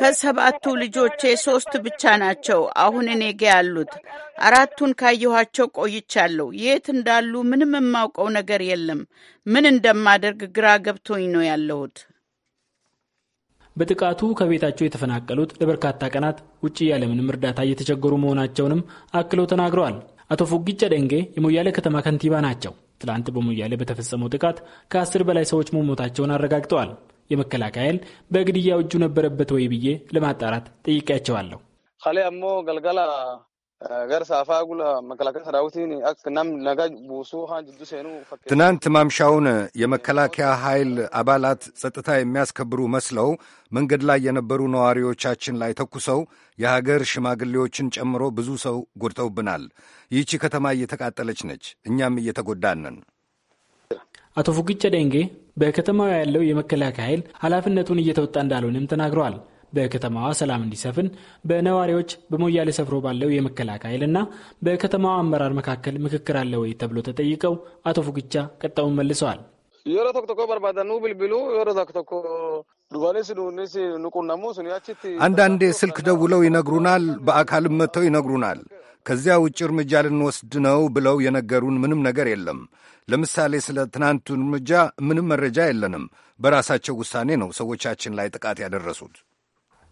ከሰባቱ ልጆቼ ሶስት ብቻ ናቸው አሁን እኔ ጋ ያሉት። አራቱን ካየኋቸው ቆይቻለሁ። የት እንዳሉ ምንም የማውቀው ነገር የለም። ምን እንደማደርግ ግራ ገብቶኝ ነው ያለሁት። በጥቃቱ ከቤታቸው የተፈናቀሉት ለበርካታ ቀናት ውጭ ያለምንም እርዳታ እየተቸገሩ መሆናቸውንም አክለው ተናግረዋል። አቶ ፉጊጨ ደንጌ የሞያሌ ከተማ ከንቲባ ናቸው። ትላንት በሞያሌ በተፈጸመው ጥቃት ከአስር በላይ ሰዎች መሞታቸውን አረጋግጠዋል። የመከላከያ ኃይል እጁ ነበረበት ወይ ብዬ ለማጣራት ጠይቄያቸዋለሁ። ሞ ገልገላ ትናንት ማምሻውን የመከላከያ ኃይል አባላት ጸጥታ የሚያስከብሩ መስለው መንገድ ላይ የነበሩ ነዋሪዎቻችን ላይ ተኩሰው የሀገር ሽማግሌዎችን ጨምሮ ብዙ ሰው ጎድተውብናል። ይህቺ ከተማ እየተቃጠለች ነች፣ እኛም እየተጎዳን አቶ ፉግጨ ደንጌ በከተማው ያለው የመከላከያ ኃይል ኃላፊነቱን እየተወጣ እንዳልሆንም ተናግረዋል። በከተማዋ ሰላም እንዲሰፍን በነዋሪዎች በሞያሌ ሰፍሮ ባለው የመከላከያ ኃይልና በከተማዋ አመራር መካከል ምክክር አለ ወይ ተብሎ ተጠይቀው አቶ ፉግቻ ቀጣውን መልሰዋል። የሮ ብልብሉ የሮ አንዳንዴ ስልክ ደውለው ይነግሩናል፣ በአካልም መጥተው ይነግሩናል። ከዚያ ውጭ እርምጃ ልንወስድ ነው ብለው የነገሩን ምንም ነገር የለም። ለምሳሌ ስለ ትናንቱ እርምጃ ምንም መረጃ የለንም። በራሳቸው ውሳኔ ነው ሰዎቻችን ላይ ጥቃት ያደረሱት።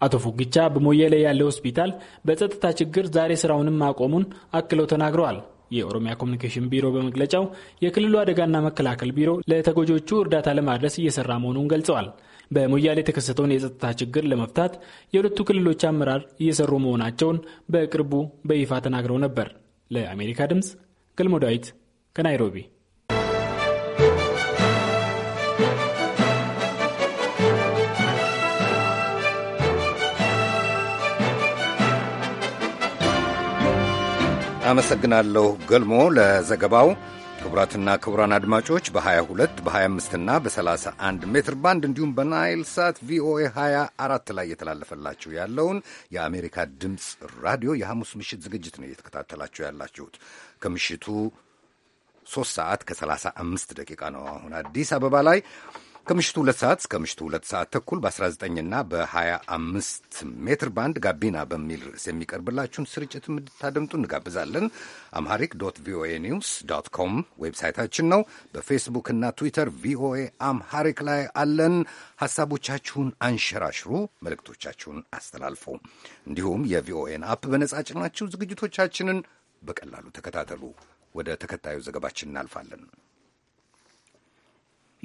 አቶ ፉግቻ በሞያሌ ያለ ሆስፒታል በጸጥታ ችግር ዛሬ ስራውንም ማቆሙን አክለው ተናግረዋል። የኦሮሚያ ኮሚኒኬሽን ቢሮ በመግለጫው የክልሉ አደጋና መከላከል ቢሮ ለተጎጆቹ እርዳታ ለማድረስ እየሰራ መሆኑን ገልጸዋል። በሞያሌ የተከሰተውን የጸጥታ ችግር ለመፍታት የሁለቱ ክልሎች አመራር እየሰሩ መሆናቸውን በቅርቡ በይፋ ተናግረው ነበር። ለአሜሪካ ድምፅ ገልሞ ዳዊት ከናይሮቢ አመሰግናለሁ ገልሞ ለዘገባው። ክቡራትና ክቡራን አድማጮች በ22 በ25 እና በ31 ሜትር ባንድ እንዲሁም በናይል ሳት ቪኦኤ 24 ላይ እየተላለፈላችሁ ያለውን የአሜሪካ ድምፅ ራዲዮ የሐሙስ ምሽት ዝግጅት ነው እየተከታተላችሁ ያላችሁት። ከምሽቱ 3 ሰዓት ከ35 ደቂቃ ነው አሁን አዲስ አበባ ላይ ከምሽቱ ሁለት ሰዓት እስከ ምሽቱ ሁለት ሰዓት ተኩል በ19ና በ25 ሜትር ባንድ ጋቢና በሚል ርዕስ የሚቀርብላችሁን ስርጭት እንድታደምጡ እንጋብዛለን። አምሃሪክ ዶት ቪኦኤ ኒውስ ዶት ኮም ዌብሳይታችን ነው። በፌስቡክና ትዊተር ቪኦኤ አምሃሪክ ላይ አለን። ሐሳቦቻችሁን አንሸራሽሩ፣ መልእክቶቻችሁን አስተላልፉ። እንዲሁም የቪኦኤን አፕ በነጻ ጭናችሁ ዝግጅቶቻችንን በቀላሉ ተከታተሉ። ወደ ተከታዩ ዘገባችን እናልፋለን።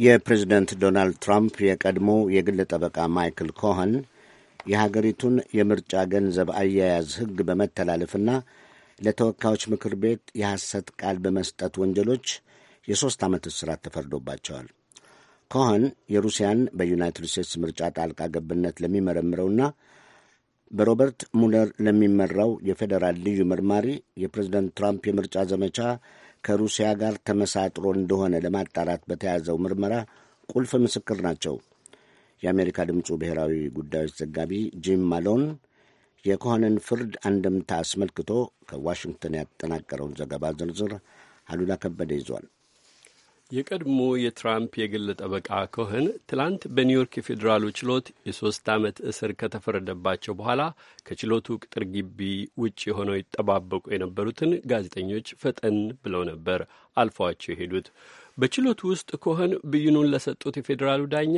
የፕሬዝደንት ዶናልድ ትራምፕ የቀድሞ የግል ጠበቃ ማይክል ኮኸን የሀገሪቱን የምርጫ ገንዘብ አያያዝ ሕግ በመተላለፍና ለተወካዮች ምክር ቤት የሐሰት ቃል በመስጠት ወንጀሎች የሦስት ዓመት እስራት ተፈርዶባቸዋል። ኮኸን የሩሲያን በዩናይትድ ስቴትስ ምርጫ ጣልቃ ገብነት ለሚመረምረውና በሮበርት ሙለር ለሚመራው የፌዴራል ልዩ መርማሪ የፕሬዝደንት ትራምፕ የምርጫ ዘመቻ ከሩሲያ ጋር ተመሳጥሮ እንደሆነ ለማጣራት በተያዘው ምርመራ ቁልፍ ምስክር ናቸው። የአሜሪካ ድምፁ ብሔራዊ ጉዳዮች ዘጋቢ ጂም ማሎን የኮሆንን ፍርድ አንድምታ አስመልክቶ ከዋሽንግተን ያጠናቀረውን ዘገባ ዝርዝር አሉላ ከበደ ይዟል። የቀድሞ የትራምፕ የግል ጠበቃ ኮህን ትላንት በኒውዮርክ የፌዴራሉ ችሎት የሶስት ዓመት እስር ከተፈረደባቸው በኋላ ከችሎቱ ቅጥር ግቢ ውጭ ሆነው ይጠባበቁ የነበሩትን ጋዜጠኞች ፈጠን ብለው ነበር አልፏቸው የሄዱት። በችሎቱ ውስጥ ኮህን ብይኑን ለሰጡት የፌዴራሉ ዳኛ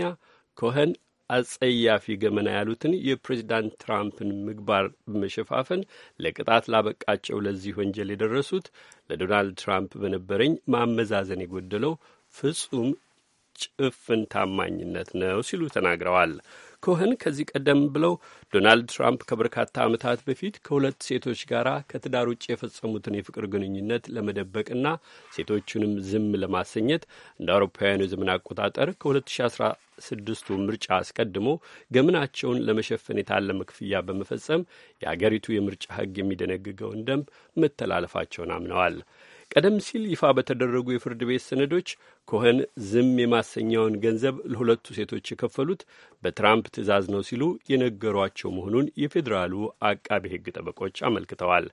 ኮህን አጸያፊ ገመና ያሉትን የፕሬዚዳንት ትራምፕን ምግባር በመሸፋፈን ለቅጣት ላበቃቸው ለዚህ ወንጀል የደረሱት ለዶናልድ ትራምፕ በነበረኝ ማመዛዘን የጎደለው ፍጹም ጭፍን ታማኝነት ነው ሲሉ ተናግረዋል። ኮህን ከዚህ ቀደም ብለው ዶናልድ ትራምፕ ከበርካታ ዓመታት በፊት ከሁለት ሴቶች ጋር ከትዳር ውጭ የፈጸሙትን የፍቅር ግንኙነት ለመደበቅና ሴቶቹንም ዝም ለማሰኘት እንደ አውሮፓውያኑ የዘመን አቆጣጠር ከ2011 ስድስቱ ምርጫ አስቀድሞ ገምናቸውን ለመሸፈን የታለመ ክፍያ በመፈጸም የአገሪቱ የምርጫ ሕግ የሚደነግገውን ደንብ መተላለፋቸውን አምነዋል። ቀደም ሲል ይፋ በተደረጉ የፍርድ ቤት ሰነዶች ኮኸን ዝም የማሰኛውን ገንዘብ ለሁለቱ ሴቶች የከፈሉት በትራምፕ ትዕዛዝ ነው ሲሉ የነገሯቸው መሆኑን የፌዴራሉ አቃቤ ሕግ ጠበቆች አመልክተዋል።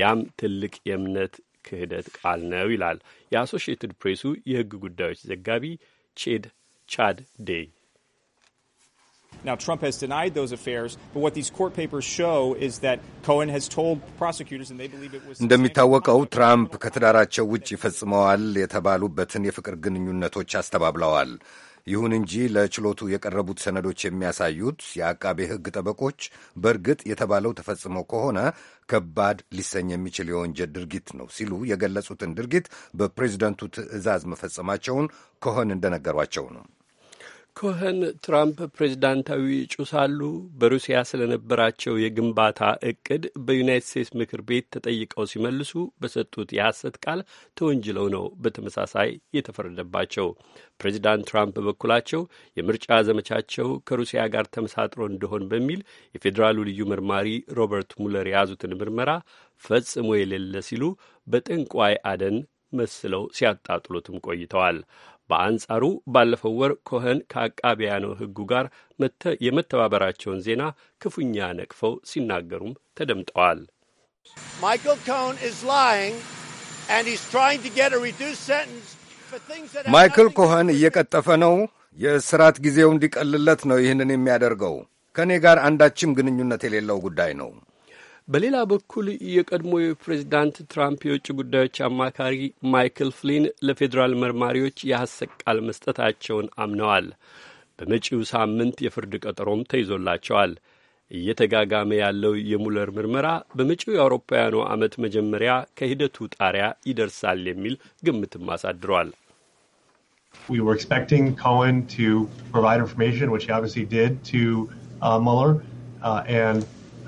ያም ትልቅ የእምነት ክህደት ቃል ነው ይላል የአሶሽየትድ ፕሬሱ የሕግ ጉዳዮች ዘጋቢ ቼድ ቻድ ዴይ እንደሚታወቀው ትራምፕ ከትዳራቸው ውጭ ይፈጽመዋል የተባሉበትን የፍቅር ግንኙነቶች አስተባብለዋል። ይሁን እንጂ ለችሎቱ የቀረቡት ሰነዶች የሚያሳዩት የአቃቤ ሕግ ጠበቆች በእርግጥ የተባለው ተፈጽሞ ከሆነ ከባድ ሊሰኝ የሚችል የወንጀል ድርጊት ነው ሲሉ የገለጹትን ድርጊት በፕሬዚደንቱ ትዕዛዝ መፈጸማቸውን ከሆን እንደነገሯቸው ነው። ኮኸን ትራምፕ ፕሬዚዳንታዊ እጩ ሳሉ በሩሲያ ስለነበራቸው የግንባታ እቅድ በዩናይት ስቴትስ ምክር ቤት ተጠይቀው ሲመልሱ በሰጡት የሐሰት ቃል ተወንጅለው ነው በተመሳሳይ የተፈረደባቸው። ፕሬዚዳንት ትራምፕ በበኩላቸው የምርጫ ዘመቻቸው ከሩሲያ ጋር ተመሳጥሮ እንደሆን በሚል የፌዴራሉ ልዩ መርማሪ ሮበርት ሙለር የያዙትን ምርመራ ፈጽሞ የሌለ ሲሉ በጠንቋይ አደን መስለው ሲያጣጥሉትም ቆይተዋል። በአንጻሩ ባለፈው ወር ኮኸን ከአቃቢያነ ሕጉ ጋር የመተባበራቸውን ዜና ክፉኛ ነቅፈው ሲናገሩም ተደምጠዋል። ማይክል ኮኸን እየቀጠፈ ነው። የእስራት ጊዜው እንዲቀልለት ነው ይህንን የሚያደርገው። ከእኔ ጋር አንዳችም ግንኙነት የሌለው ጉዳይ ነው። በሌላ በኩል የቀድሞ የፕሬዚዳንት ትራምፕ የውጭ ጉዳዮች አማካሪ ማይክል ፍሊን ለፌዴራል መርማሪዎች የሐሰት ቃል መስጠታቸውን አምነዋል። በመጪው ሳምንት የፍርድ ቀጠሮም ተይዞላቸዋል። እየተጋጋመ ያለው የሙለር ምርመራ በመጪው የአውሮፓውያኑ ዓመት መጀመሪያ ከሂደቱ ጣሪያ ይደርሳል የሚል ግምትም አሳድሯል። ሙለር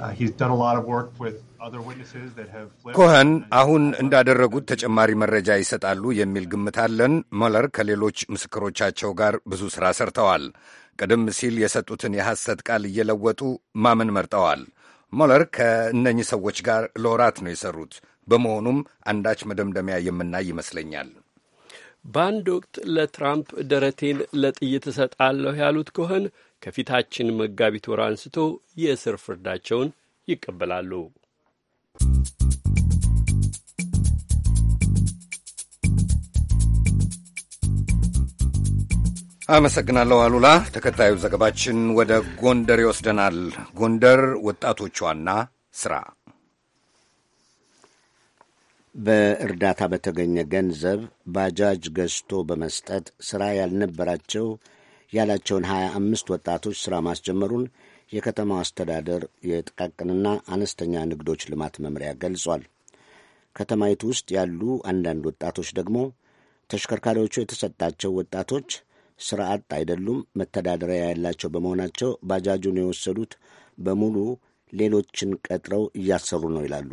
Uh, ኮኸን አሁን እንዳደረጉት ተጨማሪ መረጃ ይሰጣሉ የሚል ግምት አለን። ሞለር ከሌሎች ምስክሮቻቸው ጋር ብዙ ሥራ ሰርተዋል። ቀደም ሲል የሰጡትን የሐሰት ቃል እየለወጡ ማመን መርጠዋል። ሞለር ከእነኚህ ሰዎች ጋር ለወራት ነው የሠሩት። በመሆኑም አንዳች መደምደሚያ የምናይ ይመስለኛል። በአንድ ወቅት ለትራምፕ ደረቴን ለጥይት እሰጣለሁ ያሉት ኮኸን ከፊታችን መጋቢት ወር አንስቶ የእስር ፍርዳቸውን ይቀበላሉ። አመሰግናለሁ አሉላ። ተከታዩ ዘገባችን ወደ ጎንደር ይወስደናል። ጎንደር ወጣቶቿና ሥራ በእርዳታ በተገኘ ገንዘብ ባጃጅ ገዝቶ በመስጠት ሥራ ያልነበራቸው ያላቸውን ሀያ አምስት ወጣቶች ሥራ ማስጀመሩን የከተማው አስተዳደር የጥቃቅንና አነስተኛ ንግዶች ልማት መምሪያ ገልጿል። ከተማይቱ ውስጥ ያሉ አንዳንድ ወጣቶች ደግሞ ተሽከርካሪዎቹ የተሰጣቸው ወጣቶች ሥራ አጥ አይደሉም፣ መተዳደሪያ ያላቸው በመሆናቸው ባጃጁን የወሰዱት በሙሉ ሌሎችን ቀጥረው እያሰሩ ነው ይላሉ።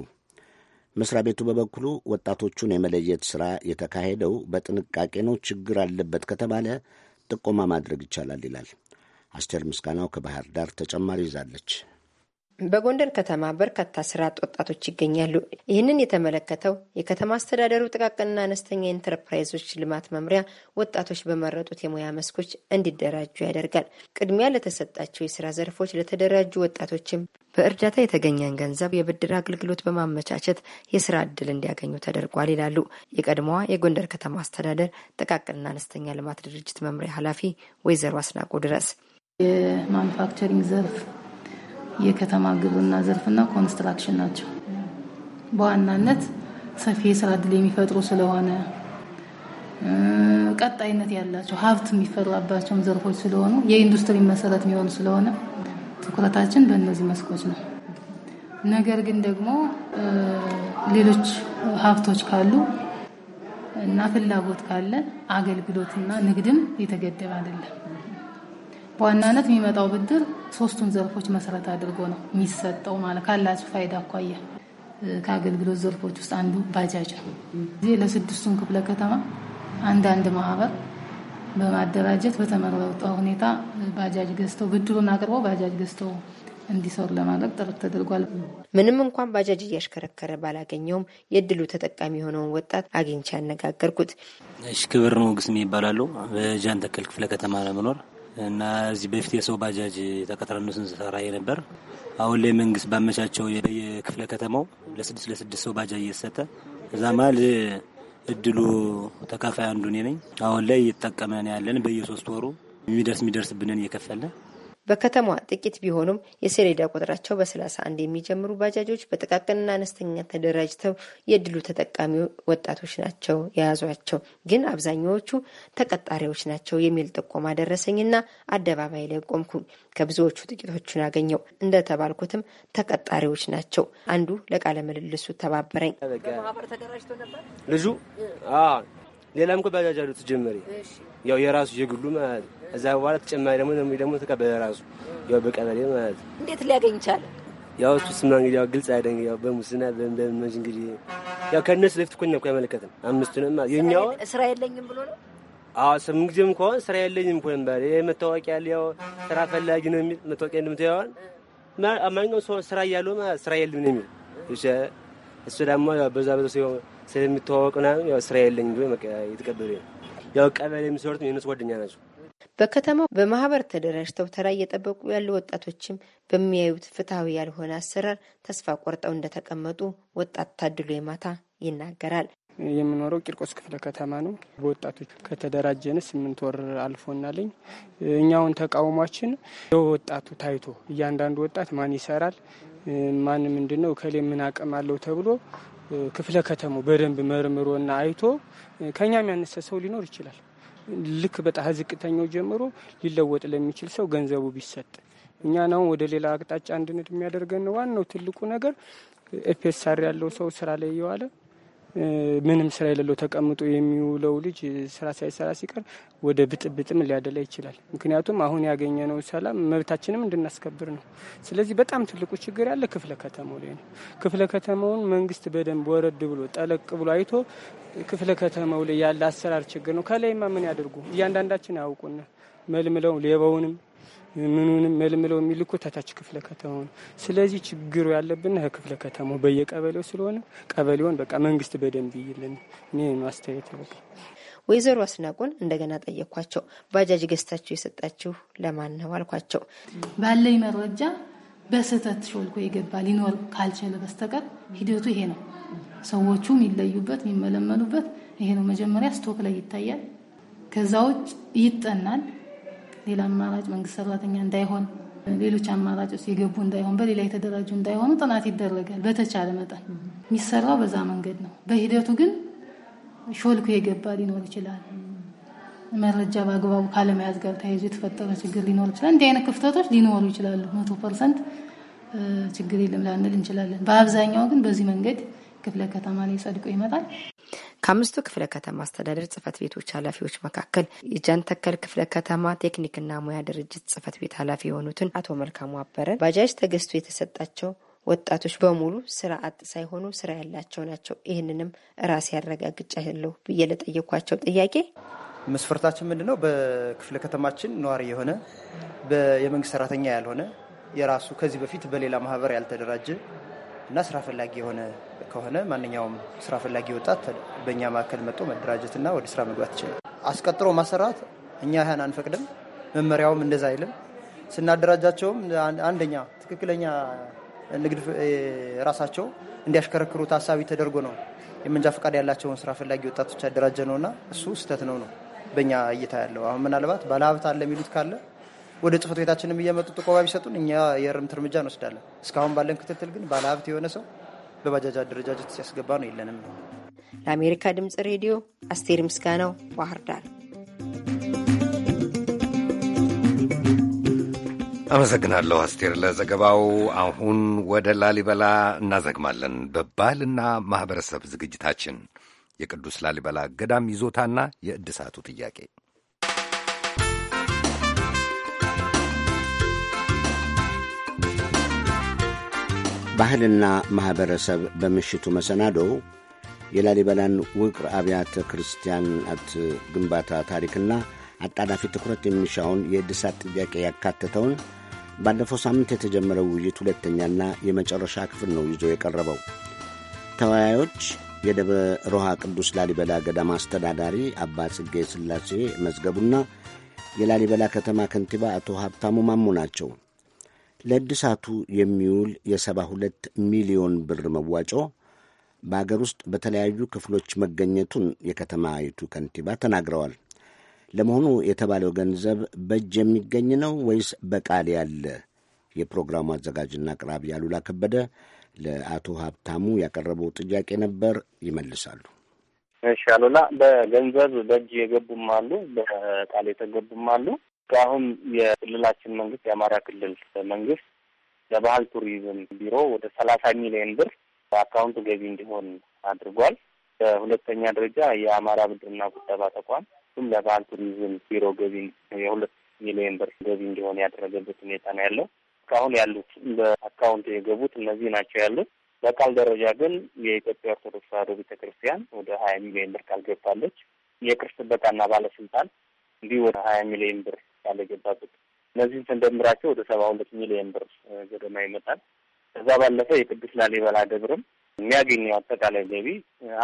መስሪያ ቤቱ በበኩሉ ወጣቶቹን የመለየት ሥራ የተካሄደው በጥንቃቄ ነው፣ ችግር አለበት ከተባለ ጥቆማ ማድረግ ይቻላል ይላል። አስቴር ምስጋናው ከባህር ዳር ተጨማሪ ይዛለች። በጎንደር ከተማ በርካታ ስራ አጥ ወጣቶች ይገኛሉ። ይህንን የተመለከተው የከተማ አስተዳደሩ ጥቃቅንና አነስተኛ ኢንተርፕራይዞች ልማት መምሪያ ወጣቶች በመረጡት የሙያ መስኮች እንዲደራጁ ያደርጋል። ቅድሚያ ለተሰጣቸው የስራ ዘርፎች ለተደራጁ ወጣቶችም በእርዳታ የተገኘን ገንዘብ የብድር አገልግሎት በማመቻቸት የስራ እድል እንዲያገኙ ተደርጓል ይላሉ የቀድሞዋ የጎንደር ከተማ አስተዳደር ጥቃቅንና አነስተኛ ልማት ድርጅት መምሪያ ኃላፊ ወይዘሮ አስናቆ ድረስ የማኑፋክቸሪንግ ዘርፍ የከተማ ግብርና ዘርፍና ኮንስትራክሽን ናቸው። በዋናነት ሰፊ የስራ እድል የሚፈጥሩ ስለሆነ ቀጣይነት ያላቸው ሀብት የሚፈራባቸውም ዘርፎች ስለሆኑ የኢንዱስትሪ መሰረት የሚሆኑ ስለሆነ ትኩረታችን በእነዚህ መስኮች ነው። ነገር ግን ደግሞ ሌሎች ሀብቶች ካሉ እና ፍላጎት ካለ አገልግሎትና ንግድም የተገደበ አይደለም። በዋናነት የሚመጣው ብድር ሶስቱን ዘርፎች መሰረት አድርጎ ነው የሚሰጠው ማለት ካላቸው ፋይዳ አኳያ ከአገልግሎት ዘርፎች ውስጥ አንዱ ባጃጅ ነው። እዚህ ለስድስቱም ክፍለ ከተማ አንዳንድ ማህበር በማደራጀት በተመረጠ ሁኔታ ባጃጅ ገዝተው ብድሩን አቅርበው ባጃጅ ገዝተው እንዲሰሩ ለማድረግ ጥረት ተደርጓል። ምንም እንኳን ባጃጅ እያሽከረከረ ባላገኘውም የእድሉ ተጠቃሚ የሆነውን ወጣት አግኝቼ ያነጋገርኩት እሽ ክብር ሞገስ በጃን በጃንተከል ክፍለ ከተማ ለመኖር እና እዚህ በፊት የሰው ባጃጅ ተቀጥረን ስንሰራ የነበር አሁን ላይ መንግስት ባመቻቸው የክፍለ ከተማው ለስድስት ለስድስት ሰው ባጃጅ እየተሰጠ እዛ መሀል እድሉ ተካፋይ አንዱ እኔ ነኝ። አሁን ላይ እየተጠቀመን ያለን በየሶስት ወሩ የሚደርስ የሚደርስብንን እየከፈለ በከተማዋ ጥቂት ቢሆኑም የሰሌዳ ቁጥራቸው በ አንድ የሚጀምሩ ባጃጆች በጥቃቅንና አነስተኛ ተደራጅተው የድሉ ተጠቃሚ ወጣቶች ናቸው የያዟቸው። ግን አብዛኛዎቹ ተቀጣሪዎች ናቸው የሚል ጥቆማ ደረሰኝና አደባባይ ላይ ቆምኩኝ። ከብዙዎቹ ጥቂቶቹን አገኘው። እንደተባልኩትም ተቀጣሪዎች ናቸው። አንዱ ለቃለ ምልልሱ ተባበረኝ። ልጁ ሌላም ባጃጅ አሉት ጀመሪ ያው የራሱ የግሉ ማለት እዛ በኋላ ተጨማሪ ደግሞ ደግሞ ተቀበለ ራሱ ያው በቀበሌ ማለት ነው። እንዴት ሊያገኝ ይቻለ? ያው እሱ ስምና እንግዲህ ያው ግልጽ አይደኝ ያው በሙስና በመንጅ እንግዲህ ያው ከእነሱ ለፊት እኮ እኮ ያመለከትን አምስቱንም የኛው ስራ የለኝም ብሎ ነው። አዎ ስም ጊዜም ከሆን ስራ የለኝም እኮ ነበር መታወቂያ ያው ስራ ፈላጊ ነው የሚል መታወቂያ እንደምትያዋል ማንኛውም ሰው ስራ እያለው ስራ የለም ነው የሚል እሺ። እሱ ደግሞ በዛ በዛ ሲሆን ስለሚተዋወቅ ምናምን ያው ስራ የለኝ ብሎ የተቀበለ ያው ቀበሌ የሚሰሩት የነሱ ጓደኛ ናቸው። በከተማው በማህበር ተደራጅተው ተራ እየጠበቁ ያሉ ወጣቶችም በሚያዩት ፍትሐዊ ያልሆነ አሰራር ተስፋ ቆርጠው እንደተቀመጡ ወጣት ታድሎ የማታ ይናገራል። የምኖረው ቂርቆስ ክፍለ ከተማ ነው። በወጣቶች ከተደራጀን ስምንት ወር አልፎናለኝ። እኛውን ተቃውሟችን ወጣቱ ታይቶ እያንዳንዱ ወጣት ማን ይሰራል ማን ምንድን ነው ከሌ ምን አቅም አለው ተብሎ ክፍለ ከተማው በደንብ መርምሮና አይቶ ከእኛም ያነሰ ሰው ሊኖር ይችላል ልክ በጣም ዝቅተኛው ጀምሮ ሊለወጥ ለሚችል ሰው ገንዘቡ ቢሰጥ እኛ ነው ወደ ሌላ አቅጣጫ እንድንድ የሚያደርገን ዋናው ትልቁ ነገር ኤፒኤስአር ያለው ሰው ስራ ላይ እየዋለ ምንም ስራ የሌለው ተቀምጦ የሚውለው ልጅ ስራ ሳይሰራ ሲቀር ወደ ብጥብጥም ሊያደላ ይችላል። ምክንያቱም አሁን ያገኘነው ሰላም መብታችንም እንድናስከብር ነው። ስለዚህ በጣም ትልቁ ችግር ያለ ክፍለ ከተማው ላይ ነው። ክፍለ ከተማውን መንግስት በደንብ ወረድ ብሎ ጠለቅ ብሎ አይቶ ክፍለ ከተማው ላይ ያለ አሰራር ችግር ነው። ከላይማ ምን ያደርጉ እያንዳንዳችን አያውቁና መልምለው ሌባውንም ምኑንም መልምለው የሚልኩ ተታች ክፍለ ከተማ ነው። ስለዚህ ችግሩ ያለብን ክፍለ ከተማው በየቀበሌው ስለሆነ ቀበሌውን በቃ መንግስት በደንብ ይልን። እኔ ማስተያየት በቃ ወይዘሮ አስናቁን እንደገና ጠየኳቸው። ባጃጅ ገዝታችሁ የሰጣችሁ ለማን ነው አልኳቸው። ባለኝ መረጃ በስህተት ሾልኮ የገባ ሊኖር ካልቻለ በስተቀር ሂደቱ ይሄ ነው። ሰዎቹ የሚለዩበት የሚመለመሉበት ይሄ ነው። መጀመሪያ ስቶክ ላይ ይታያል። ከዛ ውጭ ይጠናል። ሌላ አማራጭ መንግስት ሰራተኛ እንዳይሆን ሌሎች አማራጮች የገቡ እንዳይሆን በሌላ የተደራጁ እንዳይሆኑ ጥናት ይደረጋል። በተቻለ መጠን የሚሰራው በዛ መንገድ ነው። በሂደቱ ግን ሾልኮ የገባ ሊኖር ይችላል። መረጃ በአግባቡ ካለመያዝ ጋር ተያይዞ የተፈጠረ ችግር ሊኖር ይችላል። እንዲህ አይነት ክፍተቶች ሊኖሩ ይችላሉ። መቶ ፐርሰንት ችግር የለም ላንል እንችላለን። በአብዛኛው ግን በዚህ መንገድ ክፍለ ከተማ ላይ ጸድቆ ይመጣል። ከአምስቱ ክፍለ ከተማ አስተዳደር ጽህፈት ቤቶች ኃላፊዎች መካከል የጃንተከል ክፍለ ከተማ ቴክኒክና ሙያ ድርጅት ጽህፈት ቤት ኃላፊ የሆኑትን አቶ መልካሙ አበረ ባጃጅ ተገዝቶ የተሰጣቸው ወጣቶች በሙሉ ስራ አጥ ሳይሆኑ ስራ ያላቸው ናቸው፣ ይህንንም ራሴ ያረጋግጫለሁ ብዬ ለጠየኳቸው ጥያቄ መስፈርታችን ምንድን ነው? በክፍለ ከተማችን ነዋሪ የሆነ የመንግስት ሰራተኛ ያልሆነ የራሱ ከዚህ በፊት በሌላ ማህበር ያልተደራጀ እና ስራ ፈላጊ የሆነ ከሆነ ማንኛውም ስራ ፈላጊ ወጣት በእኛ ማዕከል መጥቶ መደራጀትና ወደ ስራ መግባት ይችላል። አስቀጥሮ ማሰራት እኛ ይህን አንፈቅድም፣ መመሪያውም እንደዛ አይልም። ስናደራጃቸውም አንደኛ ትክክለኛ ንግድ ራሳቸው እንዲያሽከረክሩ ታሳቢ ተደርጎ ነው የመንጃ ፈቃድ ያላቸውን ስራ ፈላጊ ወጣቶች ያደራጀ ነውና እሱ ስህተት ነው ነው በእኛ እይታ ያለው። አሁን ምናልባት ባለሀብት አለ የሚሉት ካለ ወደ ጽህፈት ቤታችንም እየመጡ ጥቆማ ቢሰጡን እኛ የእርምት እርምጃ እንወስዳለን። እስካሁን ባለን ክትትል ግን ባለሀብት የሆነ ሰው በባጃጅ አደረጃጀት ሲያስገባ ነው የለንም። ለአሜሪካ ድምፅ ሬዲዮ አስቴር ምስጋናው ባህር ዳር። አመሰግናለሁ አስቴር ለዘገባው። አሁን ወደ ላሊበላ እናዘግማለን። በባህልና ማኅበረሰብ ዝግጅታችን የቅዱስ ላሊበላ ገዳም ይዞታና የእድሳቱ ጥያቄ ባህልና ማኅበረሰብ በምሽቱ መሰናዶ የላሊበላን ውቅር አብያተ ክርስቲያናት ግንባታ ታሪክና አጣዳፊ ትኩረት የሚሻውን የእድሳት ጥያቄ ያካተተውን ባለፈው ሳምንት የተጀመረው ውይይት ሁለተኛና የመጨረሻ ክፍል ነው ይዞ የቀረበው። ተወያዮች የደብረ ሮሃ ቅዱስ ላሊበላ ገዳም አስተዳዳሪ አባ ጽጌ ሥላሴ መዝገቡና የላሊበላ ከተማ ከንቲባ አቶ ሀብታሙ ማሙ ናቸው። ለእድሳቱ የሚውል የ72 ሚሊዮን ብር መዋጮ በአገር ውስጥ በተለያዩ ክፍሎች መገኘቱን የከተማይቱ ከንቲባ ተናግረዋል። ለመሆኑ የተባለው ገንዘብ በእጅ የሚገኝ ነው ወይስ በቃል ያለ? የፕሮግራሙ አዘጋጅና አቅራቢ አሉላ ከበደ ለአቶ ሀብታሙ ያቀረበው ጥያቄ ነበር። ይመልሳሉ። እሺ አሉላ፣ በገንዘብ በእጅ የገቡም አሉ፣ በቃል የተገቡም አሉ። አሁን የክልላችን መንግስት የአማራ ክልል መንግስት ለባህል ቱሪዝም ቢሮ ወደ ሰላሳ ሚሊዮን ብር በአካውንቱ ገቢ እንዲሆን አድርጓል። በሁለተኛ ደረጃ የአማራ ብድርና ቁጠባ ተቋም ሁም ለባህል ቱሪዝም ቢሮ ገቢ የሁለት ሚሊዮን ብር ገቢ እንዲሆን ያደረገበት ሁኔታ ነው ያለው። እስካሁን ያሉት በአካውንት የገቡት እነዚህ ናቸው ያሉት። በቃል ደረጃ ግን የኢትዮጵያ ኦርቶዶክስ ተዋሕዶ ቤተ ክርስቲያን ወደ ሀያ ሚሊዮን ብር ቃል ገብታለች። የቅርስ ጥበቃና ባለስልጣን እንዲህ ወደ ሀያ ሚሊዮን ብር ያለገባበት እነዚህን ስንደምራቸው ወደ ሰባ ሁለት ሚሊዮን ብር ገደማ ይመጣል። ከዛ ባለፈ የቅዱስ ላሊበላ ደብርም የሚያገኘው አጠቃላይ ገቢ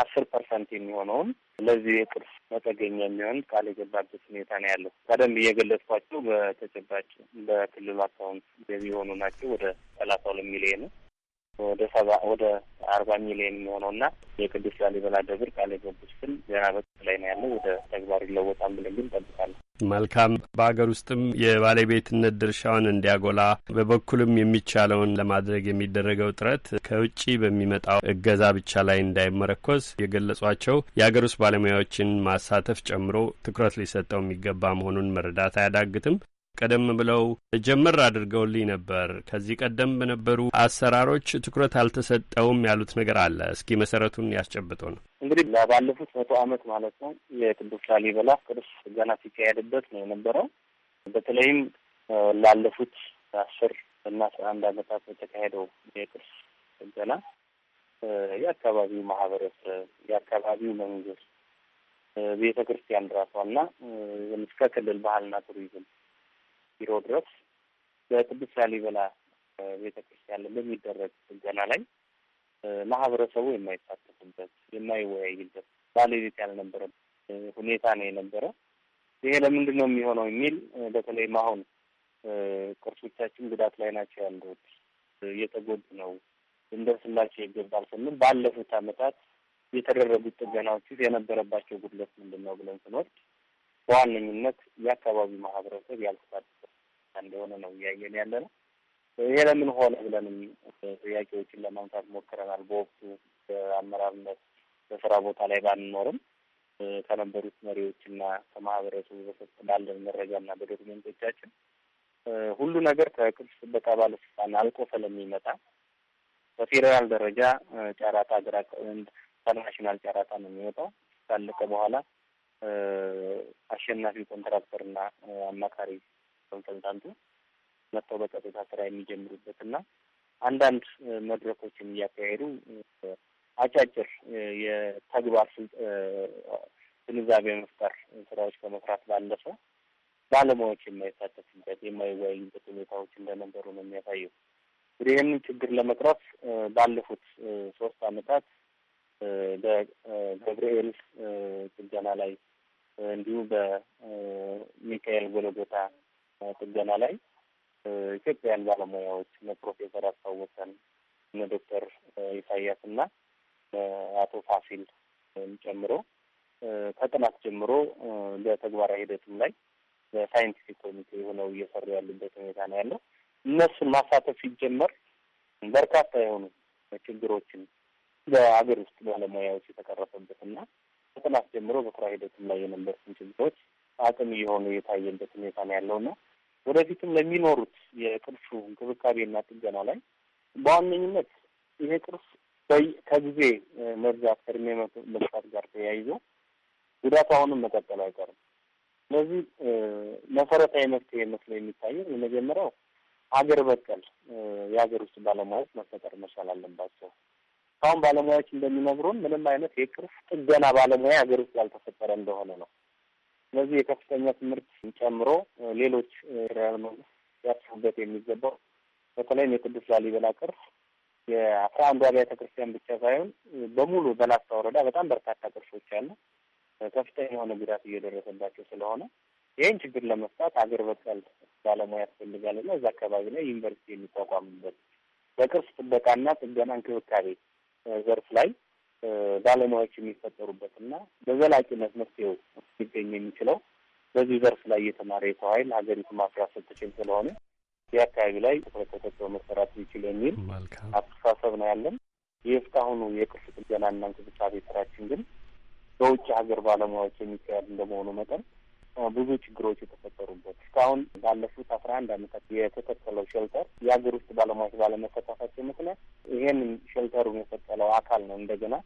አስር ፐርሰንት የሚሆነውን ለዚህ የቅርስ መጠገኛ የሚሆን ቃል የገባበት ሁኔታ ነው ያለው። ቀደም እየገለጽኳቸው በተጨባጭ በክልሉ አካውንት ገቢ የሆኑ ናቸው። ወደ ሰላሳ ሁለት ሚሊዮን ነው። ወደ ሰባ ወደ አርባ ሚሊዮን የሚሆነው እና የቅዱስ ላሊበላ ደብር ቃል የገቡት ግን ገና በቅት ላይ ነው ያለው። ወደ ተግባር ይለወጣል ብለን ግን እንጠብቃለን። መልካም። በሀገር ውስጥም የባለቤትነት ድርሻውን እንዲያጎላ በበኩልም የሚቻለውን ለማድረግ የሚደረገው ጥረት ከውጭ በሚመጣው እገዛ ብቻ ላይ እንዳይመረኮዝ የገለጿቸው የሀገር ውስጥ ባለሙያዎችን ማሳተፍ ጨምሮ ትኩረት ሊሰጠው የሚገባ መሆኑን መረዳት አያዳግትም። ቀደም ብለው ጀምር አድርገውልኝ ነበር። ከዚህ ቀደም በነበሩ አሰራሮች ትኩረት አልተሰጠውም ያሉት ነገር አለ። እስኪ መሰረቱን ያስጨብጡ ነው። እንግዲህ ባለፉት መቶ ዓመት ማለት ነው የቅዱስ ላሊበላ ቅዱስ ገና ሲካሄድበት ነው የነበረው። በተለይም ላለፉት አስር እና አስራ አንድ ዓመታት የተካሄደው የቅርስ ገና የአካባቢው ማህበረሰብ፣ የአካባቢው መንግስት፣ ቤተ ክርስቲያን ራሷ እና እስከ ክልል ባህልና ቱሪዝም ቢሮ ድረስ በቅዱስ ላሊበላ ቤተ ክርስቲያን በሚደረግ ጥገና ላይ ማህበረሰቡ የማይሳተፍበት የማይወያይበት ባለቤት ያልነበረ ሁኔታ ነው የነበረ። ይሄ ለምንድን ነው የሚሆነው የሚል በተለይም አሁን ቅርሶቻችን ጉዳት ላይ ናቸው ያሉት እየተጎዱ ነው እንደርስላቸው ይገባል ስንል ባለፉት አመታት የተደረጉት ጥገናዎች የነበረባቸው ጉድለት ምንድን ነው ብለን ስንወስድ በዋነኝነት የአካባቢው ማህበረሰብ ያልተሳተፈ እንደሆነ ነው እያየን ያለ ነው። ይሄ ለምን ሆነ ብለንም ጥያቄዎችን ለማንሳት ሞክረናል። በወቅቱ በአመራርነት በስራ ቦታ ላይ ባንኖርም ከነበሩት መሪዎችና ከማህበረሰቡ በሰጥ ባለን መረጃና በዶክመንቶቻችን ሁሉ ነገር ከቅርስ ጥበቃ ባለስልጣን አልቆ ስለሚመጣ በፌዴራል ደረጃ ጨረታ ሀገር ኢንተርናሽናል ጨረታ ነው የሚወጣው። ካለቀ በኋላ አሸናፊ ኮንትራክተርና አማካሪ ኮንሰልታንቱ መጥተው በቀጥታ ስራ የሚጀምሩበት እና አንዳንድ መድረኮችን እያካሄዱ አጫጭር የተግባር ግንዛቤ መፍጠር ስራዎች ከመስራት ባለፈ ባለሙያዎች የማይሳተፉበት የማይወያዩበት ሁኔታዎች እንደነበሩ ነው የሚያሳየው። እንግዲህ ይህንን ችግር ለመቅረፍ ባለፉት ሶስት አመታት በገብርኤል ጥገና ላይ እንዲሁም በሚካኤል ጎለጎታ ጥገና ላይ ኢትዮጵያውያን ባለሙያዎች እነ ፕሮፌሰር አስታወሰን እነ ዶክተር ኢሳያስ እና አቶ ፋሲል ጨምሮ ከጥናት ጀምሮ ለተግባራዊ ሂደቱም ላይ በሳይንቲፊክ ኮሚቴ ሆነው እየሰሩ ያሉበት ሁኔታ ነው ያለው። እነሱን ማሳተፍ ሲጀመር በርካታ የሆኑ ችግሮችን በሀገር ውስጥ ባለሙያዎች የተቀረፈበት እና ከጥናት ጀምሮ በስራ ሂደቱም ላይ የነበሩትን ችግሮች አቅም እየሆኑ የታየበት ሁኔታ ነው ያለው እና ወደፊትም ለሚኖሩት የቅርሱ እንክብካቤና ጥገና ላይ በዋነኝነት ይሄ ቅርስ ከጊዜ መብዛት ከእድሜ መብዛት ጋር ተያይዞ ጉዳቱ አሁንም መቀጠል አይቀርም። ስለዚህ መሰረታዊ መፍትሄ መስሎ የሚታየው የመጀመሪያው ሀገር በቀል የሀገር ውስጥ ባለሙያዎች መፈጠር መቻል አለባቸው። አሁን ባለሙያዎች እንደሚነግሩን ምንም አይነት የቅርስ ጥገና ባለሙያ ሀገር ውስጥ ያልተፈጠረ እንደሆነ ነው። ስለዚህ የከፍተኛ ትምህርት ጨምሮ ሌሎች ሪያል ያስቡበት የሚገባው በተለይም የቅዱስ ላሊበላ ቅርስ የአስራ አንዱ አብያተ ክርስቲያን ብቻ ሳይሆን በሙሉ በላስታ ወረዳ በጣም በርካታ ቅርሶች አሉ። ከፍተኛ የሆነ ጉዳት እየደረሰባቸው ስለሆነ ይህን ችግር ለመፍታት ሀገር በቀል ባለሙያ ያስፈልጋልና እዛ አካባቢ ላይ ዩኒቨርሲቲ የሚቋቋምበት በቅርስ ጥበቃና ጥገና እንክብካቤ ዘርፍ ላይ ባለሙያዎች የሚፈጠሩበት እና በዘላቂነት መፍትሄው ሊገኝ የሚችለው በዚህ ዘርፍ ላይ እየተማረ የሰው ኃይል ሀገሪቱ ማፍራት ስትችል ስለሆነ ይህ አካባቢ ላይ ትኩረት ተሰጥቶ መሰራት ይችል የሚል አስተሳሰብ ነው ያለን። ይህ እስካሁኑ የቅርስ ጥገናና እንክብካቤ ስራችን ግን በውጭ ሀገር ባለሙያዎች የሚካሄድ እንደመሆኑ መጠን ብዙ ችግሮች የተፈጠሩበት እስካሁን ባለፉት አስራ አንድ አመታት የተከተለው ሸልተር የሀገር ውስጥ ባለሙያዎች ባለመፈታታቸው ምክንያት ይሄን ሸልተሩን የፈጠለው አካል ነው እንደገና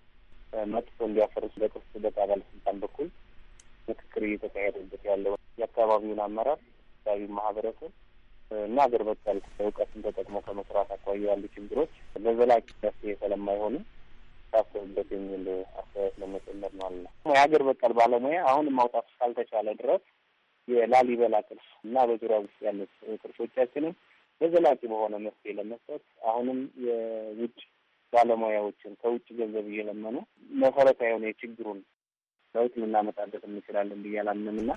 መጥቶ እንዲያፈርሱ በቅርስ ጥበቃ ባለስልጣን በኩል ምክክር እየተካሄደበት ያለው የአካባቢውን አመራር አካባቢ ማህበረሰብ እና ሀገር በቀል እውቀትን ተጠቅሞ ከመስራት አኳያ ያሉ ችግሮች ለዘላቂ መፍትሄ ስለማይሆኑ ሊታሰብበት የሚል አስተያየት ለመጨመር ማለት ነው። የሀገር በቀል ባለሙያ አሁን ማውጣት ካልተቻለ ድረስ የላሊበላ ቅርስ እና በዙሪያ ውስጥ ያሉት ቅርሶቻችንን በዘላቂ በሆነ መፍትሄ ለመስጠት አሁንም የውጭ ባለሙያዎችን ከውጭ ገንዘብ እየለመኑ መሰረታዊ የሆነ የችግሩን ለውጥ ልናመጣበት እንችላለን ብዬ አላምንም እና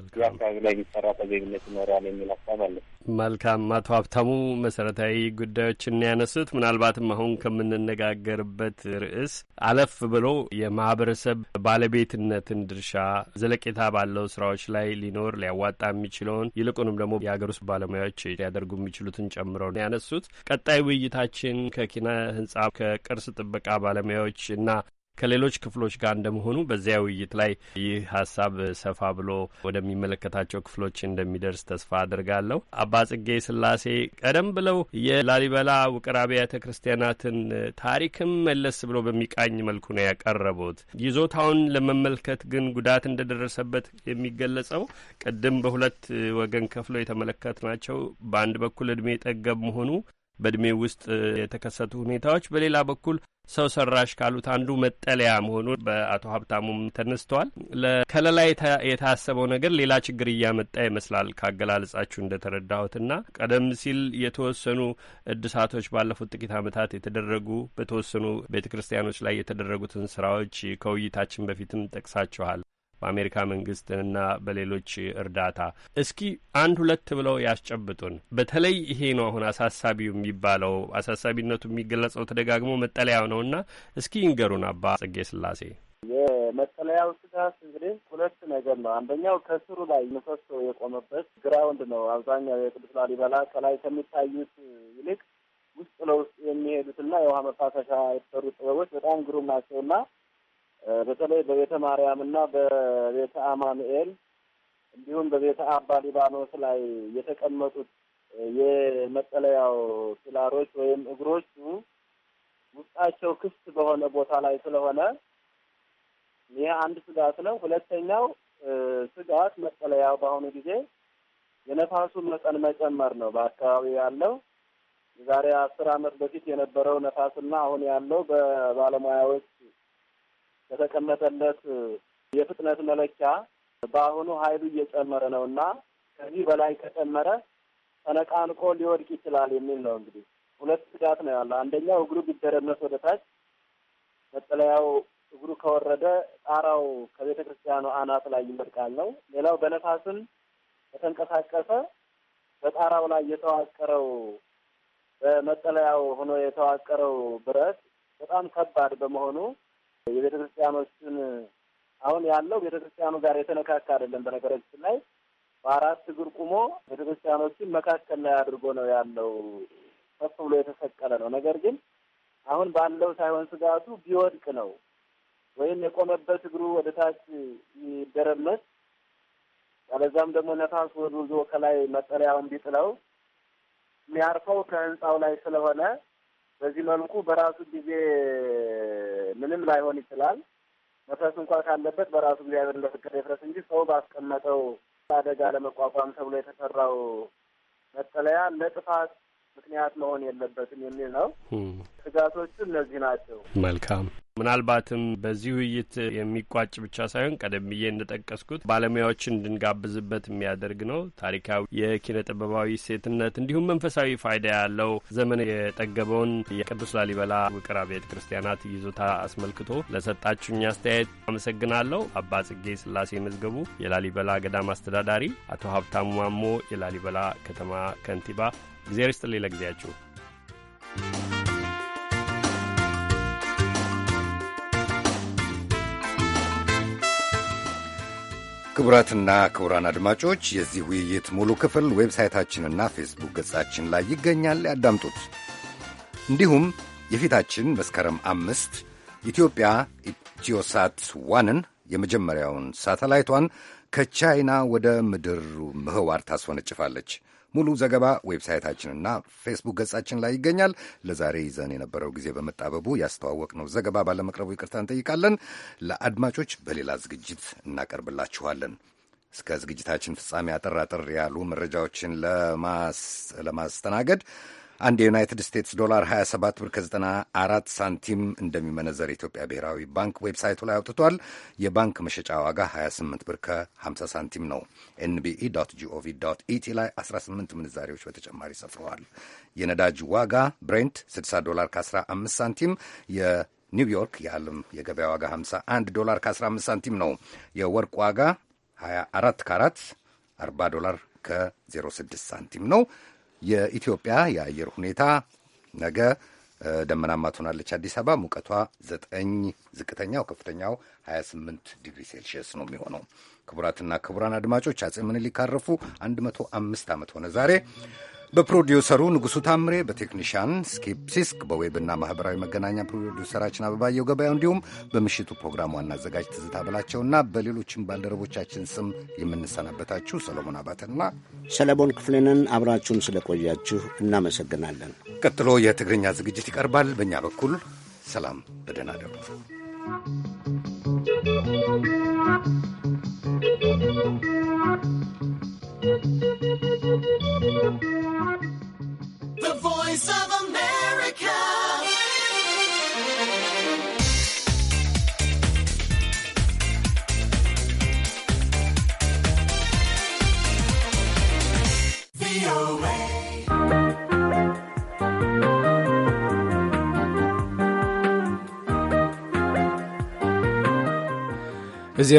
እዚህ አካባቢ ላይ የሚሰራ ተገቢነት ይኖረዋል የሚል ሀሳብ አለ። መልካም። አቶ ሀብታሙ መሰረታዊ ጉዳዮችን ያነሱት ምናልባትም አሁን ከምንነጋገርበት ርዕስ አለፍ ብሎ የማህበረሰብ ባለቤትነትን ድርሻ ዘለቄታ ባለው ስራዎች ላይ ሊኖር ሊያዋጣ የሚችለውን ይልቁንም ደግሞ የሀገር ውስጥ ባለሙያዎች ሊያደርጉ የሚችሉትን ጨምረው ያነሱት ቀጣይ ውይይታችን ከኪነ ህንጻ ከቅርስ ጥበቃ ባለሙያዎች እና ከሌሎች ክፍሎች ጋር እንደመሆኑ በዚያ ውይይት ላይ ይህ ሀሳብ ሰፋ ብሎ ወደሚመለከታቸው ክፍሎች እንደሚደርስ ተስፋ አድርጋለሁ። አባ ጽጌ ስላሴ ቀደም ብለው የላሊበላ ውቅር አብያተ ክርስቲያናትን ታሪክም መለስ ብሎ በሚቃኝ መልኩ ነው ያቀረቡት። ይዞታውን ለመመልከት ግን ጉዳት እንደደረሰበት የሚገለጸው ቅድም በሁለት ወገን ከፍሎ የተመለከት ናቸው። በአንድ በኩል እድሜ ጠገብ መሆኑ በእድሜ ውስጥ የተከሰቱ ሁኔታዎች፣ በሌላ በኩል ሰው ሰራሽ ካሉት አንዱ መጠለያ መሆኑን በአቶ ሀብታሙም ተነስተዋል። ለከለላ የታሰበው ነገር ሌላ ችግር እያመጣ ይመስላል ካገላለጻችሁ እንደተረዳሁትና ቀደም ሲል የተወሰኑ እድሳቶች ባለፉት ጥቂት ዓመታት የተደረጉ በተወሰኑ ቤተ ክርስቲያኖች ላይ የተደረጉትን ስራዎች ከውይይታችን በፊትም ጠቅሳችኋል። በአሜሪካ መንግስትንና በሌሎች እርዳታ። እስኪ አንድ ሁለት ብለው ያስጨብጡን። በተለይ ይሄ ነው አሁን አሳሳቢው የሚባለው አሳሳቢነቱ የሚገለጸው ተደጋግሞ መጠለያው ነው እና እስኪ ይንገሩን አባ ጽጌ ስላሴ። የመጠለያው ስጋት እንግዲህ ሁለት ነገር ነው። አንደኛው ከስሩ ላይ ምሰሶ የቆመበት ግራውንድ ነው። አብዛኛው የቅዱስ ላሊበላ ከላይ ከሚታዩት ይልቅ ውስጥ ለውስጥ የሚሄዱትና የውሃ መፋሰሻ የተሰሩ ጥበቦች በጣም ግሩም ናቸውና በተለይ በቤተ ማርያም እና በቤተ አማኑኤል እንዲሁም በቤተ አባ ሊባኖስ ላይ የተቀመጡት የመጠለያው ፒላሮች ወይም እግሮቹ ውስጣቸው ክፍት በሆነ ቦታ ላይ ስለሆነ ይህ አንድ ስጋት ነው። ሁለተኛው ስጋት መጠለያው በአሁኑ ጊዜ የነፋሱ መጠን መጨመር ነው። በአካባቢው ያለው የዛሬ አስር ዓመት በፊት የነበረው ነፋስና አሁን ያለው በባለሙያዎች የተቀመጠለት የፍጥነት መለኪያ በአሁኑ ኃይሉ እየጨመረ ነው እና ከዚህ በላይ ከጨመረ ተነቃንቆ ሊወድቅ ይችላል የሚል ነው። እንግዲህ ሁለት ስጋት ነው ያለ። አንደኛው እግሩ ቢደረመስ ወደ ታች መጠለያው እግሩ ከወረደ ጣራው ከቤተ ክርስቲያኑ አናት ላይ ይወድቃል ነው። ሌላው በነፋስም በተንቀሳቀሰ በጣራው ላይ የተዋቀረው በመጠለያው ሆኖ የተዋቀረው ብረት በጣም ከባድ በመሆኑ የቤተ ክርስቲያኖችን አሁን ያለው ቤተ ክርስቲያኑ ጋር የተነካካ አይደለም። በነገራችን ላይ በአራት እግር ቁሞ ቤተ ክርስቲያኖችን መካከል ላይ አድርጎ ነው ያለው። ከፍ ብሎ የተሰቀለ ነው። ነገር ግን አሁን ባለው ሳይሆን ስጋቱ ቢወድቅ ነው ወይም የቆመበት እግሩ ወደ ታች ይደረመስ፣ ያለዛም ደግሞ ነፋስ ወርውዞ ከላይ መጠለያውን ቢጥለው የሚያርፈው ከህንፃው ላይ ስለሆነ በዚህ መልኩ በራሱ ጊዜ ምንም ላይሆን ይችላል። መፍረስ እንኳን ካለበት በራሱ እግዚአብሔር እንደፈቀደ ይፍረስ እንጂ ሰው ባስቀመጠው አደጋ ለመቋቋም ተብሎ የተሰራው መጠለያ ለጥፋት ምክንያት መሆን የለበትም የሚል ነው። ስጋቶቹ እነዚህ ናቸው። መልካም ምናልባትም በዚህ ውይይት የሚቋጭ ብቻ ሳይሆን ቀደም ብዬ እንደጠቀስኩት ባለሙያዎችን እንድንጋብዝበት የሚያደርግ ነው። ታሪካዊ የኪነ ጥበባዊ ሴትነት እንዲሁም መንፈሳዊ ፋይዳ ያለው ዘመን የጠገበውን የቅዱስ ላሊበላ ውቅር አብያተ ክርስቲያናት ይዞታ አስመልክቶ ለሰጣችሁኝ አስተያየት አመሰግናለሁ። አባ ጽጌ ስላሴ መዝገቡ የላሊበላ ገዳም አስተዳዳሪ፣ አቶ ሀብታሙ ማሞ የላሊበላ ከተማ ከንቲባ እግዜር ይስጥልኝ ለጊዜያችሁ። ክቡራትና ክቡራን አድማጮች የዚህ ውይይት ሙሉ ክፍል ዌብሳይታችንና ፌስቡክ ገጻችን ላይ ይገኛል። ያዳምጡት። እንዲሁም የፊታችን መስከረም አምስት ኢትዮጵያ ኢትዮሳት ዋንን የመጀመሪያውን ሳተላይቷን ከቻይና ወደ ምድር ምህዋር ታስወነጭፋለች። ሙሉ ዘገባ ዌብሳይታችንና ፌስቡክ ገጻችን ላይ ይገኛል። ለዛሬ ይዘን የነበረው ጊዜ በመጣበቡ ያስተዋወቅነው ዘገባ ባለመቅረቡ ይቅርታ እንጠይቃለን። ለአድማጮች በሌላ ዝግጅት እናቀርብላችኋለን። እስከ ዝግጅታችን ፍጻሜ አጠር አጠር ያሉ መረጃዎችን ለማስተናገድ አንድ የዩናይትድ ስቴትስ ዶላር 27 ብር ከ94 ሳንቲም እንደሚመነዘር የኢትዮጵያ ብሔራዊ ባንክ ዌብሳይቱ ላይ አውጥቷል። የባንክ መሸጫ ዋጋ 28 ብር ከ50 ሳንቲም ነው። ኤንቢኢ ጂኦቪ ኢቲ ላይ 18 ምንዛሬዎች በተጨማሪ ሰፍረዋል። የነዳጅ ዋጋ ብሬንት 60 ዶላር ከ15 ሳንቲም ኒውዮርክ የዓለም የገበያ ዋጋ 51 ዶላር ከ15 ሳንቲም ነው። የወርቅ ዋጋ 24 ካራት 40 ዶላር ከ06 ሳንቲም ነው። የኢትዮጵያ የአየር ሁኔታ ነገ ደመናማ ትሆናለች። አዲስ አበባ ሙቀቷ ዘጠኝ ዝቅተኛው ከፍተኛው 28 ዲግሪ ሴልሺየስ ነው የሚሆነው። ክቡራትና ክቡራን አድማጮች አፄ ምኒልክ ካረፉ 105 ዓመት ሆነ ዛሬ። በፕሮዲውሰሩ ንጉሡ ታምሬ፣ በቴክኒሽያን ስኪፕ ሲስክ፣ በዌብና ማኅበራዊ መገናኛ ፕሮዲውሰራችን አበባየው ገበያው እንዲሁም በምሽቱ ፕሮግራም ዋና አዘጋጅ ትዝታ ብላቸውና በሌሎችም ባልደረቦቻችን ስም የምንሰናበታችሁ ሰሎሞን አባተና ሰለሞን ክፍሌንን አብራችሁን ስለቆያችሁ እናመሰግናለን። ቀጥሎ የትግርኛ ዝግጅት ይቀርባል። በእኛ በኩል ሰላም፣ በደህና ደሩ። Voice of America. እዙ